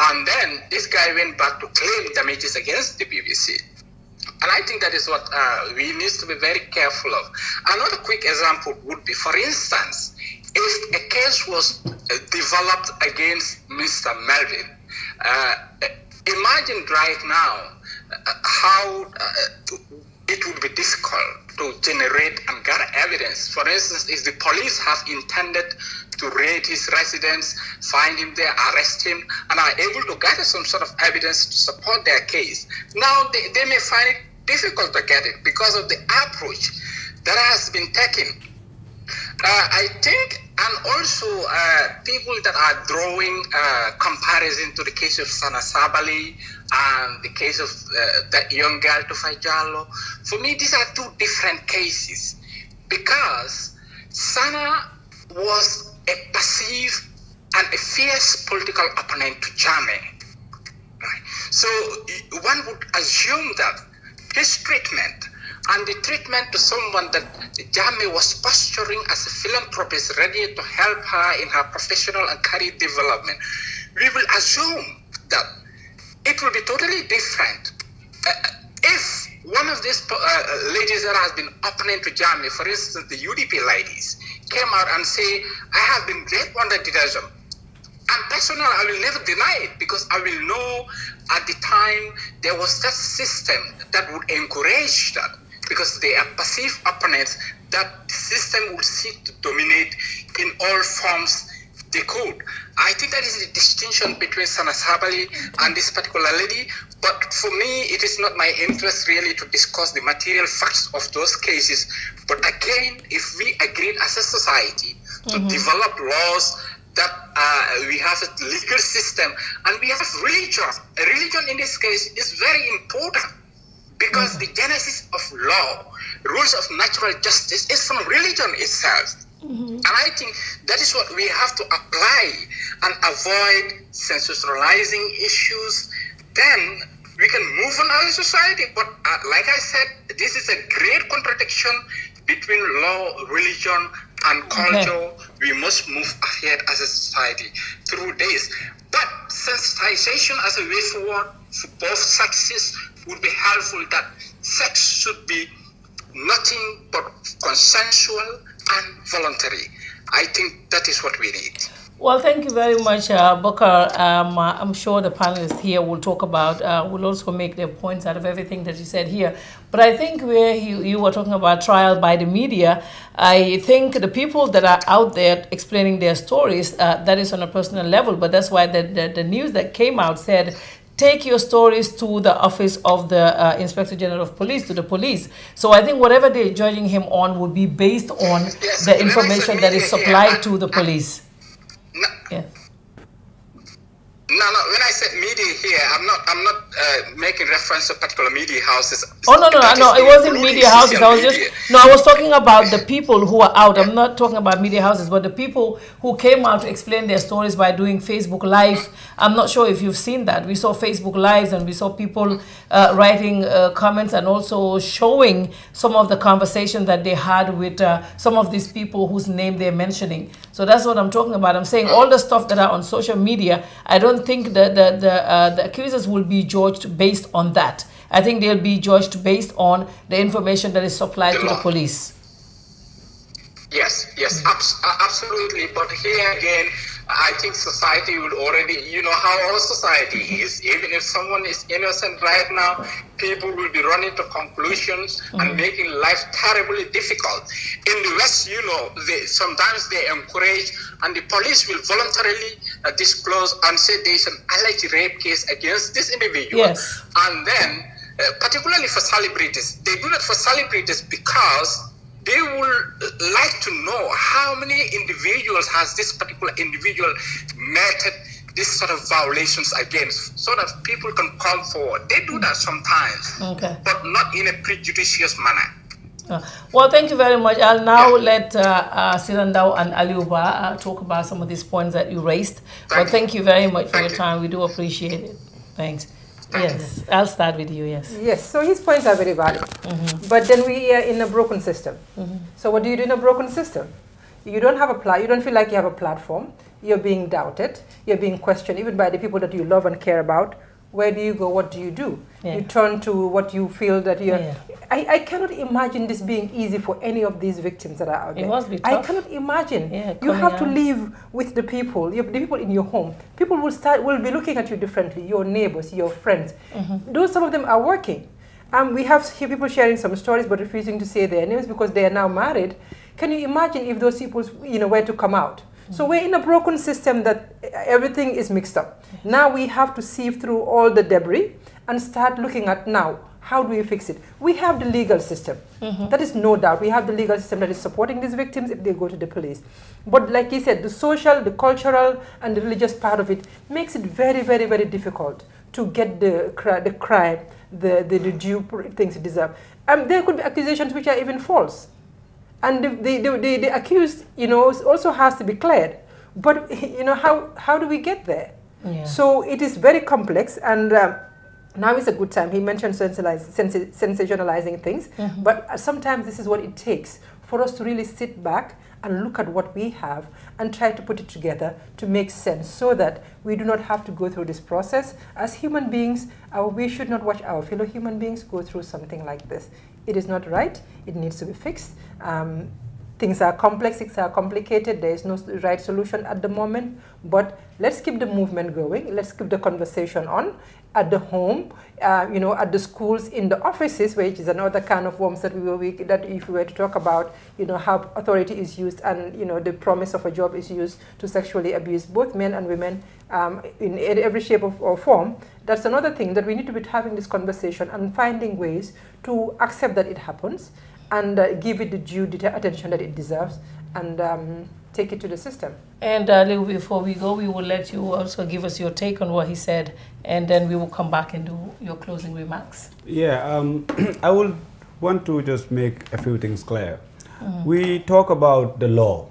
Speaker 5: And then this guy went back to claim damages against the BBC. And I think that is what uh, we need to be very careful of. Another quick example would be, for instance, if a case was uh, developed against Mr. Melvin, uh, imagine right now how uh, it would be difficult to generate and gather evidence. For instance, if the police have intended to raid his residence, find him there, arrest him, and are able to gather some sort of evidence to support their case, now they, they may find it difficult to get it because of the approach that has been taken. Uh, I think and also uh, people that are drawing uh, comparison to the case of Sana Sabali and the case of uh, that young girl to Jallo. For me, these are two different cases because Sana was a passive and a fierce political opponent to Jame. Right? So one would assume that his treatment and the treatment to someone that Jami was posturing as a philanthropist ready to help her in her professional and career development, we will assume that it will be totally different. Uh, if one of these uh, ladies that has been opening to Jami, for instance, the UDP ladies, came out and say, I have been raped under detention. And personally, I will never deny it because I will know at the time there was that system that would encourage that because they are passive opponents that the system will seek to dominate in all forms they could. I think that is the distinction between Sana Sabali and this particular lady. But for me, it is not my interest really to discuss the material facts of those cases. But again, if we agreed as a society to mm-hmm. develop laws that uh, we have a legal system and we have religion, religion in this case is very important because the genesis of law, rules of natural justice, is from religion itself. Mm-hmm. And I think that is what we have to apply and avoid sensationalizing issues. Then we can move on as a society. But uh, like I said, this is a great contradiction between law, religion, and culture. Okay. We must move ahead as a society through this. But sensitization as a way forward for both success would
Speaker 1: be helpful that sex should be nothing but consensual and voluntary. I think that is what we need. Well, thank you very much, uh, Um, uh, I'm sure the panelists here will talk about, uh, will also make their points out of everything that you said here. But I think where you, you were talking about trial by the media, I think the people that are out there explaining their stories, uh, that is on a personal level. But that's why the, the, the news that came out said take your stories to the office of the uh, inspector general of police to the police so i think whatever they're judging him on would be based on yes, the information that is supplied here, to the police no, yeah.
Speaker 5: no no when i said media here i'm not i'm not uh, making reference to particular media houses. Oh no, no, no, no! It wasn't media houses. I was just no. I was
Speaker 1: talking about the people who are out. I'm not talking about media houses, but the people who came out to explain their stories by doing Facebook Live. I'm not sure if you've seen that. We saw Facebook Lives and we saw people uh, writing uh, comments and also showing some of the conversation that they had with uh, some of these people whose name they're mentioning. So that's what I'm talking about. I'm saying all the stuff that are on social media. I don't think that the the, uh, the accusers will be. Joined judged based on that. I think they'll be judged based on the information that is supplied to the police.
Speaker 5: Yes, yes, abs uh, absolutely. But here again, I think society would already, you know, how our society is. Even if someone is innocent right now, people will be running to conclusions mm-hmm. and making life terribly difficult. In the West, you know, they, sometimes they encourage, and the police will voluntarily uh, disclose and say there's an alleged rape case against this individual. Yes. And then, uh, particularly for celebrities, they do that for celebrities because they would like to know how many individuals has this particular individual meted this sort of violations against so that people can come forward. They do that sometimes, okay. but not in a prejudicious manner.
Speaker 1: Uh, well, thank you very much. I'll now yeah. let uh, uh, and Aliuba uh, talk about some of these points that you raised. Thank thank you very much for your time. We do appreciate it. Thanks. Yes, I'll start with you, yes.
Speaker 6: Yes, so his points are very valid. Mm -hmm. But then we are in a broken system. Mm -hmm. So what do you do in a broken system? You don't have a pla you don't feel like you have a platform. You're being doubted. You're being questioned even by the people that you love and care about where do you go? What do you do? Yeah. You turn to what you feel that you're. Yeah. I, I cannot imagine this being easy for any of these victims that are out there. It must be tough. I cannot imagine. Yeah, you have out. to live with the people, you, the people in your home. People will start will be looking at you differently. Your neighbors, your friends. Mm -hmm. Those some of them are working. Um, we have people sharing some stories but refusing to say their names because they are now married. Can you imagine if those people, you know, were to come out? So we're in a broken system that everything is mixed up. Now we have to sieve through all the debris and start looking at now how do we fix it? We have the legal system. Mm -hmm. That is no doubt. We have the legal system that is supporting these victims if they go to the police. But like you said, the social, the cultural, and the religious part of it makes it very, very, very difficult to get the, the crime, the, the, the due things it deserves. Um, there could be accusations which are even false and the, the, the, the accused, you know, also has to be cleared. But, you know, how, how do we get there? Yeah. So it is very complex and um, now is a good time. He mentioned sensationalizing things, mm -hmm. but uh, sometimes this is what it takes for us to really sit back and look at what we have and try to put it together to make sense so that we do not have to go through this process. As human beings, uh, we should not watch our fellow human beings go through something like this. It is not right, it needs to be fixed. Um, things are complex, things are complicated, there is no right solution at the moment, but let's keep the movement going, let's keep the conversation on at the home, uh, you know, at the schools, in the offices, which is another kind of forms that we were, that if we were to talk about, you know, how authority is used and, you know, the promise of a job is used to sexually abuse both men and women um, in every shape of, or form, that's another thing that we need to be having this conversation and finding ways to accept that it happens and uh, give it the due attention that it deserves and um, take it to the system.
Speaker 1: And little uh, before we go, we will let you also give us your take on what he said, and then we will come back and do your closing remarks.
Speaker 4: Yeah, um, I will want to just make a few things clear. Mm. We talk about the law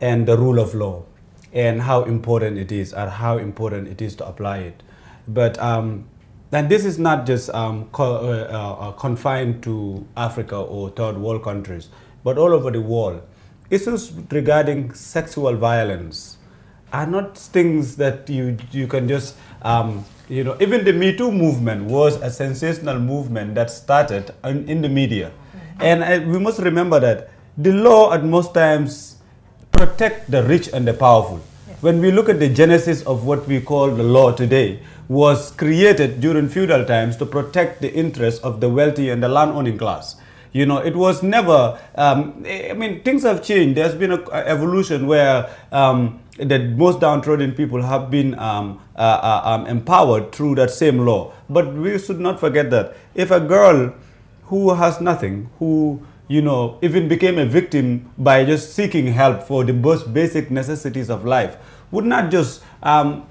Speaker 4: and the rule of law and how important it is and how important it is to apply it. But um, and this is not just um, co uh, uh, uh, confined to Africa or third world countries, but all over the world. Issues regarding sexual violence are not things that you, you can just, um, you know, even the Me Too movement was a sensational movement that started in, in the media. And I, uh, we must remember that the law at most times protect the rich and the powerful when we look at the genesis of what we call the law today, was created during feudal times to protect the interests of the wealthy and the landowning class. You know, it was never, um, I mean, things have changed. There's been an evolution where um, the most downtrodden people have been um, uh, uh, um, empowered through that same law. But we should not forget that if a girl who has nothing, who you know, even became a victim by just seeking help for the most basic necessities of life, would not just um,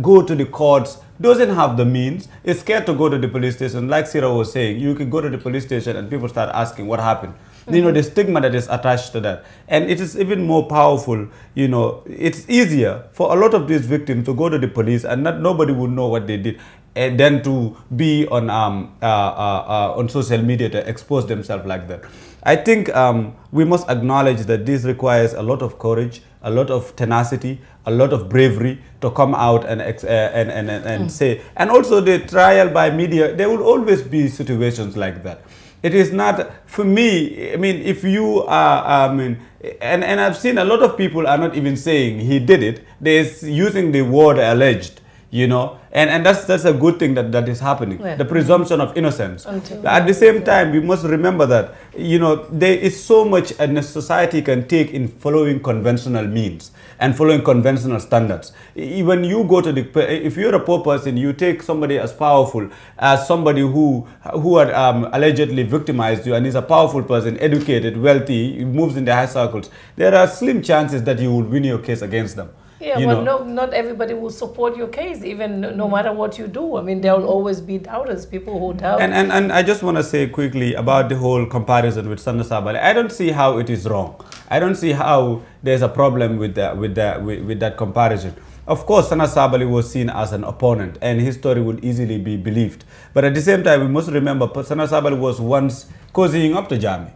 Speaker 4: go to the courts, doesn't have the means, is scared to go to the police station. Like Sarah was saying, you can go to the police station and people start asking what happened. You know, the stigma that is attached to that. And it is even more powerful, you know, it's easier for a lot of these victims to go to the police and not, nobody would know what they did eh, than to be on, um, uh, uh, uh, on social media to expose themselves like that. I think um, we must acknowledge that this requires a lot of courage, a lot of tenacity, a lot of bravery to come out and, uh, and, and, and, and mm. say. And also the trial by media, there will always be situations like that. It is not, for me, I mean, if you are, I mean, and, and I've seen a lot of people are not even saying he did it. They're using the word alleged you know and and that's that's a good thing that that is happening yeah. the presumption of innocence Until at the same time we must remember that you know there is so much a society can take in following conventional means and following conventional standards Even you go to the if you're a poor person you take somebody as powerful as somebody who who had um, allegedly victimized you and is a powerful person educated wealthy moves in the high circles there are slim chances that you will win your case against them
Speaker 1: yeah, you well, know. no, not everybody will support your case, even no matter what you do. I mean, there will always be doubters, people who doubt. And and,
Speaker 4: and I just want to say quickly about the whole comparison with Sana Sabali. I don't see how it is wrong. I don't see how there's a problem with that with that with, with that comparison. Of course, Sana Sabali was seen as an opponent, and his story would easily be believed. But at the same time, we must remember Sana Sabali was once cozying up to Jami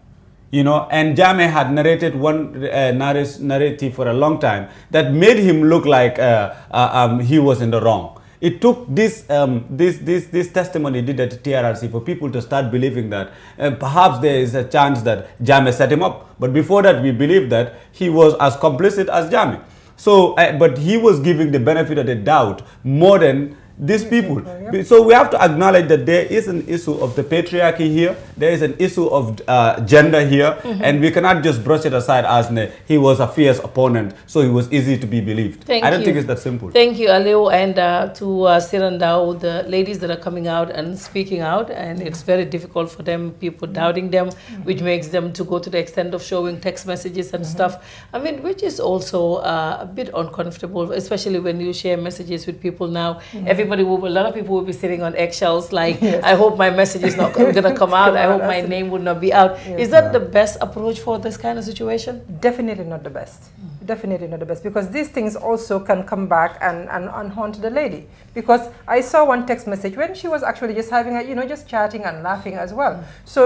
Speaker 4: you know and jame had narrated one uh, narrative for a long time that made him look like uh, uh, um, he was in the wrong it took this um, this this this testimony did at TRRC for people to start believing that uh, perhaps there is a chance that Jame set him up. But before that, we believed that he was as complicit as Jame. So, uh, but he was giving the benefit of the doubt more than these people. So we have to acknowledge that there is an issue of the patriarchy here. There is an issue of uh, gender here. Mm -hmm. And we cannot just brush it aside as he was a fierce opponent, so he was easy to be believed. Thank I don't you. think it's that simple.
Speaker 1: Thank you, Aleo, and uh, to uh, all the ladies that are coming out and speaking out. And it's very difficult for them, people doubting them, mm -hmm. which makes them to go to the extent of showing text messages and mm -hmm. stuff. I mean, which is also uh, a bit uncomfortable, especially when you share messages with people now. Mm-hmm. Everybody everybody will, a lot of people will be sitting on eggshells. Like, yes. I hope my message is not going to come out. I hope
Speaker 6: my name would not be out. Yes. Is that yeah. the best approach for this kind of situation? Definitely not the best. Mm definitely not the best because these things also can come back and, and, and haunt the lady. Because I saw one text message when she was actually just having a, you know, just chatting and laughing as well. Mm. So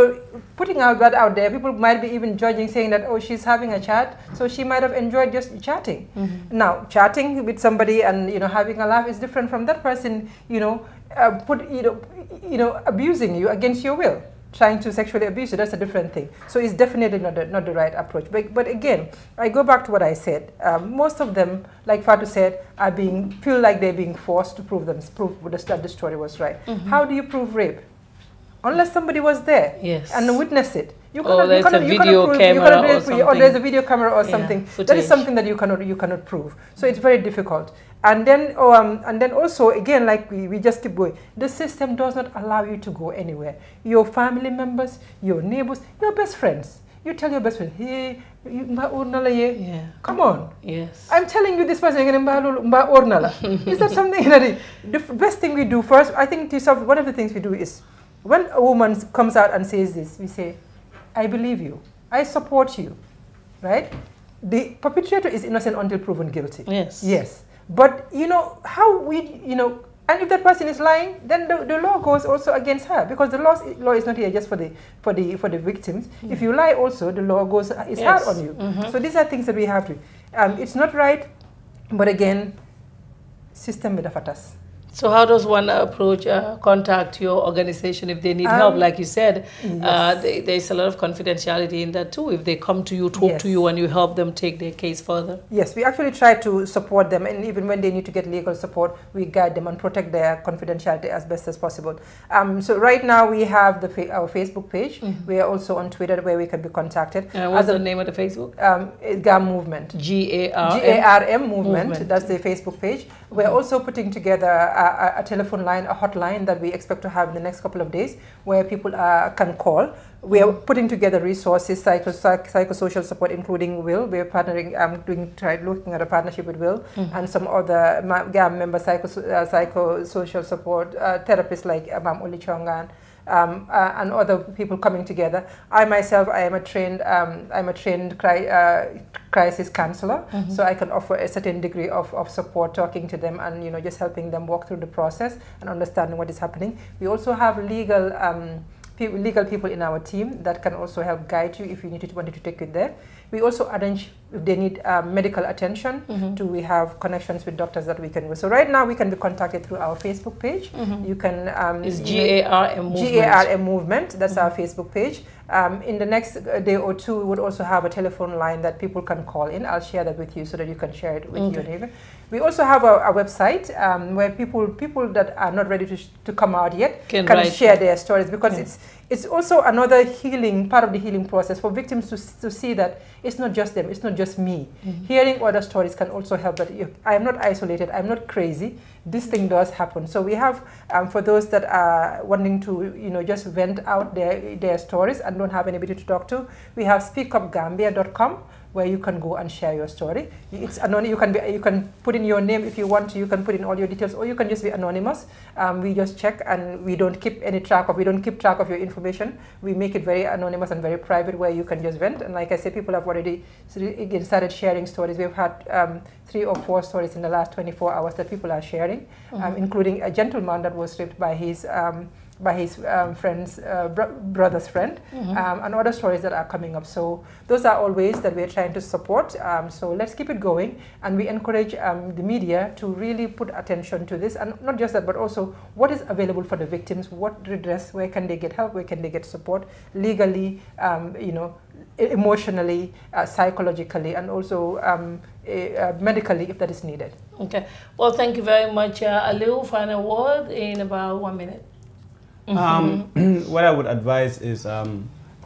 Speaker 6: putting out that out there, people might be even judging, saying that, oh, she's having a chat, so she might have enjoyed just chatting. Mm -hmm. Now, chatting with somebody and, you know, having a laugh is different from that person, you know, uh, put, you know, you know, abusing you against your will trying to sexually abuse you, that's a different thing. So it's definitely not the, not the right approach. But, but again, I go back to what I said. Um, most of them, like Fatu said, are being feel like they're being forced to prove them prove that the story was right. Mm -hmm. How do you prove rape? unless somebody was there yes. and witnessed it. You cannot, or you cannot, you cannot prove, you cannot or, prove, or there's a video camera or something. Yeah, that is something that you cannot you cannot prove. So it's very difficult. And then oh, um, and then also again like we, we just keep going. The system does not allow you to go anywhere. Your family members, your neighbors, your best friends. You tell your best friend, hey, yeah. come on. Yes. I'm telling you this person Is that something that the best thing we do first? I think one of the things we do is when a woman comes out and says this, we say, I believe you, I support you, right? The perpetrator is innocent until proven guilty. Yes. Yes. But, you know, how we, you know, and if that person is lying, then the, the law goes also against her because the law, law is not here just for the for the for the victims. Mm. If you lie, also the law goes is yes. hard on you. Mm -hmm. So these are things that we have to. Um, it's not right, but again, system with
Speaker 1: so how does one approach, uh, contact your organization if they need um, help? Like you said, uh, yes. uh, they, there's a lot of confidentiality in that too. If they come to you, talk yes. to you, and you help them take their case
Speaker 6: further. Yes, we actually try to support them, and even when they need to get legal support, we guide them and protect their confidentiality as best as possible. Um, so right now we have the our Facebook page. Mm -hmm. We are also on Twitter where we can be contacted. Uh, what's the name of the Facebook? Um, eh, GAM Movement. G A R M movement. That's the Facebook page. We're mm -hmm. also putting together a, telephone line, a hotline that we expect to have in the next couple of days where people uh, can call. We are putting together resources, psycho, psychosocial support, including Will. We're partnering, I'm um, doing, trying, looking at a partnership with Will mm -hmm. and some other GAM member psycho, uh, psychosocial support uh, therapists like uh, Mam Oli Chongan um, uh, and other people coming together. I myself, I am a trained, um, I'm a trained cri uh, crisis counselor, mm -hmm. so I can offer a certain degree of, of support, talking to them, and you know, just helping them walk through the process and understanding what is happening. We also have legal. Um, people, legal people in our team that can also help guide you if you need to, wanted to take it there we also arrange if they need uh, medical attention, mm -hmm. do we have connections with doctors that we can go? So right now we can be contacted through our Facebook page. Mm -hmm. You can um, G A R M. G A R M movement. That's mm -hmm. our mm-hmm. Facebook page. Um, in the next uh, day or two, we would also have a telephone line that people can call in. I'll share that with you so that you can share it with okay. your neighbor. We also have a, a website um, where people people that are not ready to, to come out yet can, can share their stories because it's it's also another healing, part of the healing process for victims to, to see that it's not just them, it's not just me. Mm -hmm. Hearing other stories can also help that I am not isolated, I'm not crazy. This thing does happen. So we have, um, for those that are wanting to, you know, just vent out their, their stories and don't have anybody to talk to, we have speakupgambia.com where you can go and share your story. It's anonymous. You can be, you can put in your name if you want You can put in all your details, or you can just be anonymous. Um, we just check, and we don't keep any track of. We don't keep track of your information. We make it very anonymous and very private, where you can just vent. And like I said, people have already again started sharing stories. We've had um, three or four stories in the last 24 hours that people are sharing, mm -hmm. um, including a gentleman that was raped by his. Um, by his um, friend's uh, bro brother's friend, mm -hmm. um, and other stories that are coming up. So those are all ways that we're trying to support. Um, so let's keep it going, and we encourage um, the media to really put attention to this, and not just that, but also what is available for the victims, what redress, where can they get help, where can they get support legally, um, you know, emotionally, uh, psychologically, and also um, uh, medically if that is needed.
Speaker 1: Okay. Well, thank you very much, uh, Aliu. Final word in about one minute. Mm
Speaker 4: -hmm. what I would advise is um,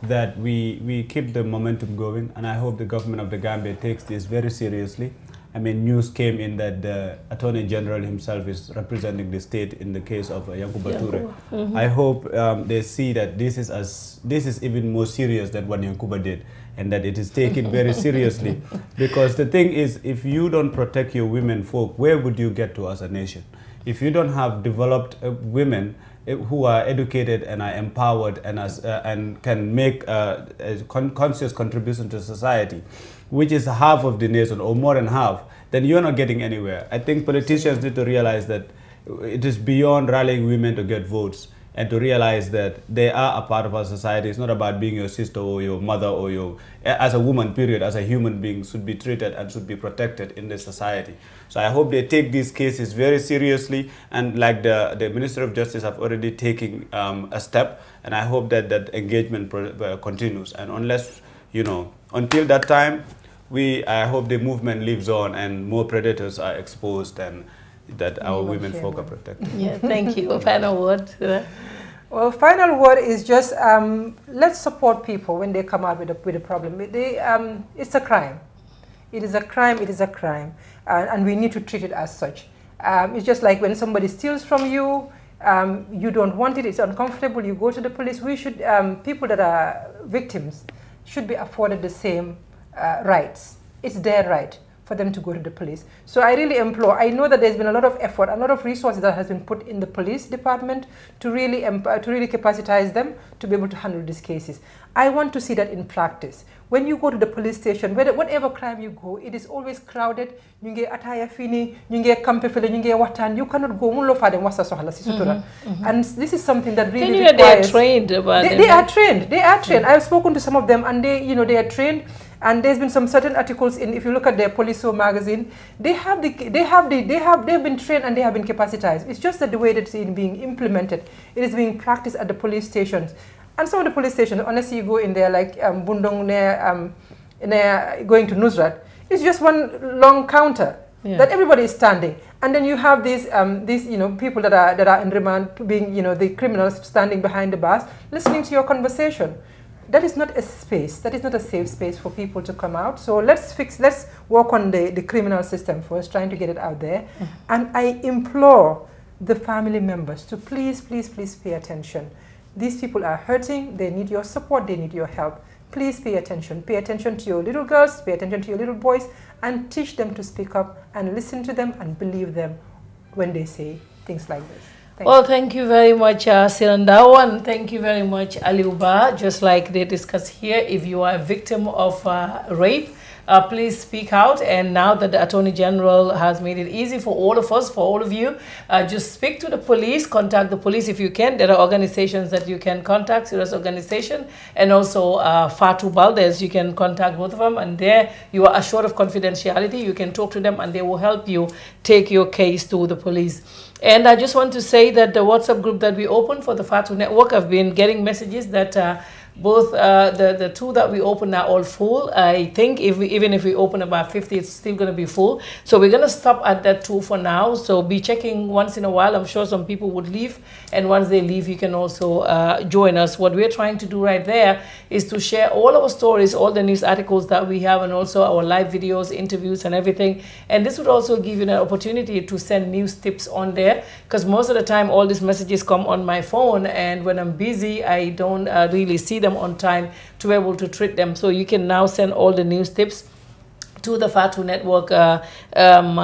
Speaker 4: that we, we keep the momentum going, and I hope the government of the Gambia takes this very seriously. I mean, news came in that the Attorney General himself is representing the state in the case of uh, Yankuba Ture. Mm -hmm. I hope um, they see that this is as this is even more serious than what Yankuba did, and that it is taken very seriously. because the thing is, if you don't protect your women folk, where would you get to as a nation? If you don't have developed uh, women who are educated and are empowered and, as, uh, and can make uh, a con conscious contribution to society, which is half of the nation or more than half, then you're not getting anywhere. I think politicians need to realize that it is beyond rallying women to get votes and to realize that they are a part of our society. It's not about being your sister or your mother or your, as a woman, period, as a human being, should be treated and should be protected in this society. So I hope they take these cases very seriously and like the, the Minister of Justice have already taken um, a step and I hope that that engagement uh, continues. And unless, you know, until that time, we, I hope the movement lives on and more predators are exposed and that our women folk are protected.
Speaker 6: Yeah, thank you. final word. Well, final word is just um, let's support people when they come out with a, with a problem. They, um, it's a crime. It is a crime. It is a crime. Uh, and we need to treat it as such. Um, it's just like when somebody steals from you, um, you don't want it, it's uncomfortable, you go to the police. We should, um, people that are victims should be afforded the same uh, rights. It's their right for them to go to the police. So I really implore, I know that there's been a lot of effort, a lot of resources that has been put in the police department to really, uh, to really capacitize them to be able to handle these cases. I want to see that in practice. When you go to the police station, whether, whatever crime you go, it is always crowded. You get ataya fini, you get kampefele, you get watan. You cannot go mulo wasa sohala mm-hmm, mm-hmm. And this is something that really you requires... They are trained. They, they, are trained. They are trained. Mm I've spoken to some of them and they, you know, they are trained and there's been some certain articles in if you look at the Poliso magazine they have the they have the they have they've been trained and they have been capacitized it's just that the way that it's being implemented it is being practiced at the police stations and some of the police stations honestly you go in there like um, Bundong near um, going to Nusrat it's just one long counter yeah. that everybody is standing and then you have these um, these you know people that are that are in remand being you know the criminals standing behind the bars listening to your conversation that is not a space, that is not a safe space for people to come out. So let's fix, let's work on the, the criminal system first, trying to get it out there. Mm -hmm. And I implore the family members to please, please, please pay attention. These people are hurting, they need your support, they need your help. Please pay attention. Pay attention to your little girls, pay attention to your little boys, and teach them to speak up and listen to them and believe them when they say things like this. Thank well,
Speaker 1: thank you very much, uh, Sirandawa, and thank you very much, Aliuba. Just like they discussed here, if you are a victim of uh, rape, uh, please speak out. And now that the Attorney General has made it easy for all of us, for all of you, uh, just speak to the police, contact the police if you can. There are organizations that you can contact, serious organization, and also uh, Fatu Baldes, you can contact both of them. And there you are assured of confidentiality. You can talk to them and they will help you take your case to the police. And I just want to say that the WhatsApp group that we opened for the Fatu Network, I've been getting messages that uh, both uh, the, the two that we opened are all full. I think if we, even if we open about 50, it's still going to be full. So we're going to stop at that two for now. So be checking once in a while. I'm sure some people would leave. And once they leave, you can also uh, join us. What we're trying to do right there is to share all our stories, all the news articles that we have, and also our live videos, interviews, and everything. And this would also give you an opportunity to send news tips on there because most of the time, all these messages come on my phone. And when I'm busy, I don't uh, really see them them on time to be able to treat them. So you can now send all the news tips to the Fatu Network uh, um,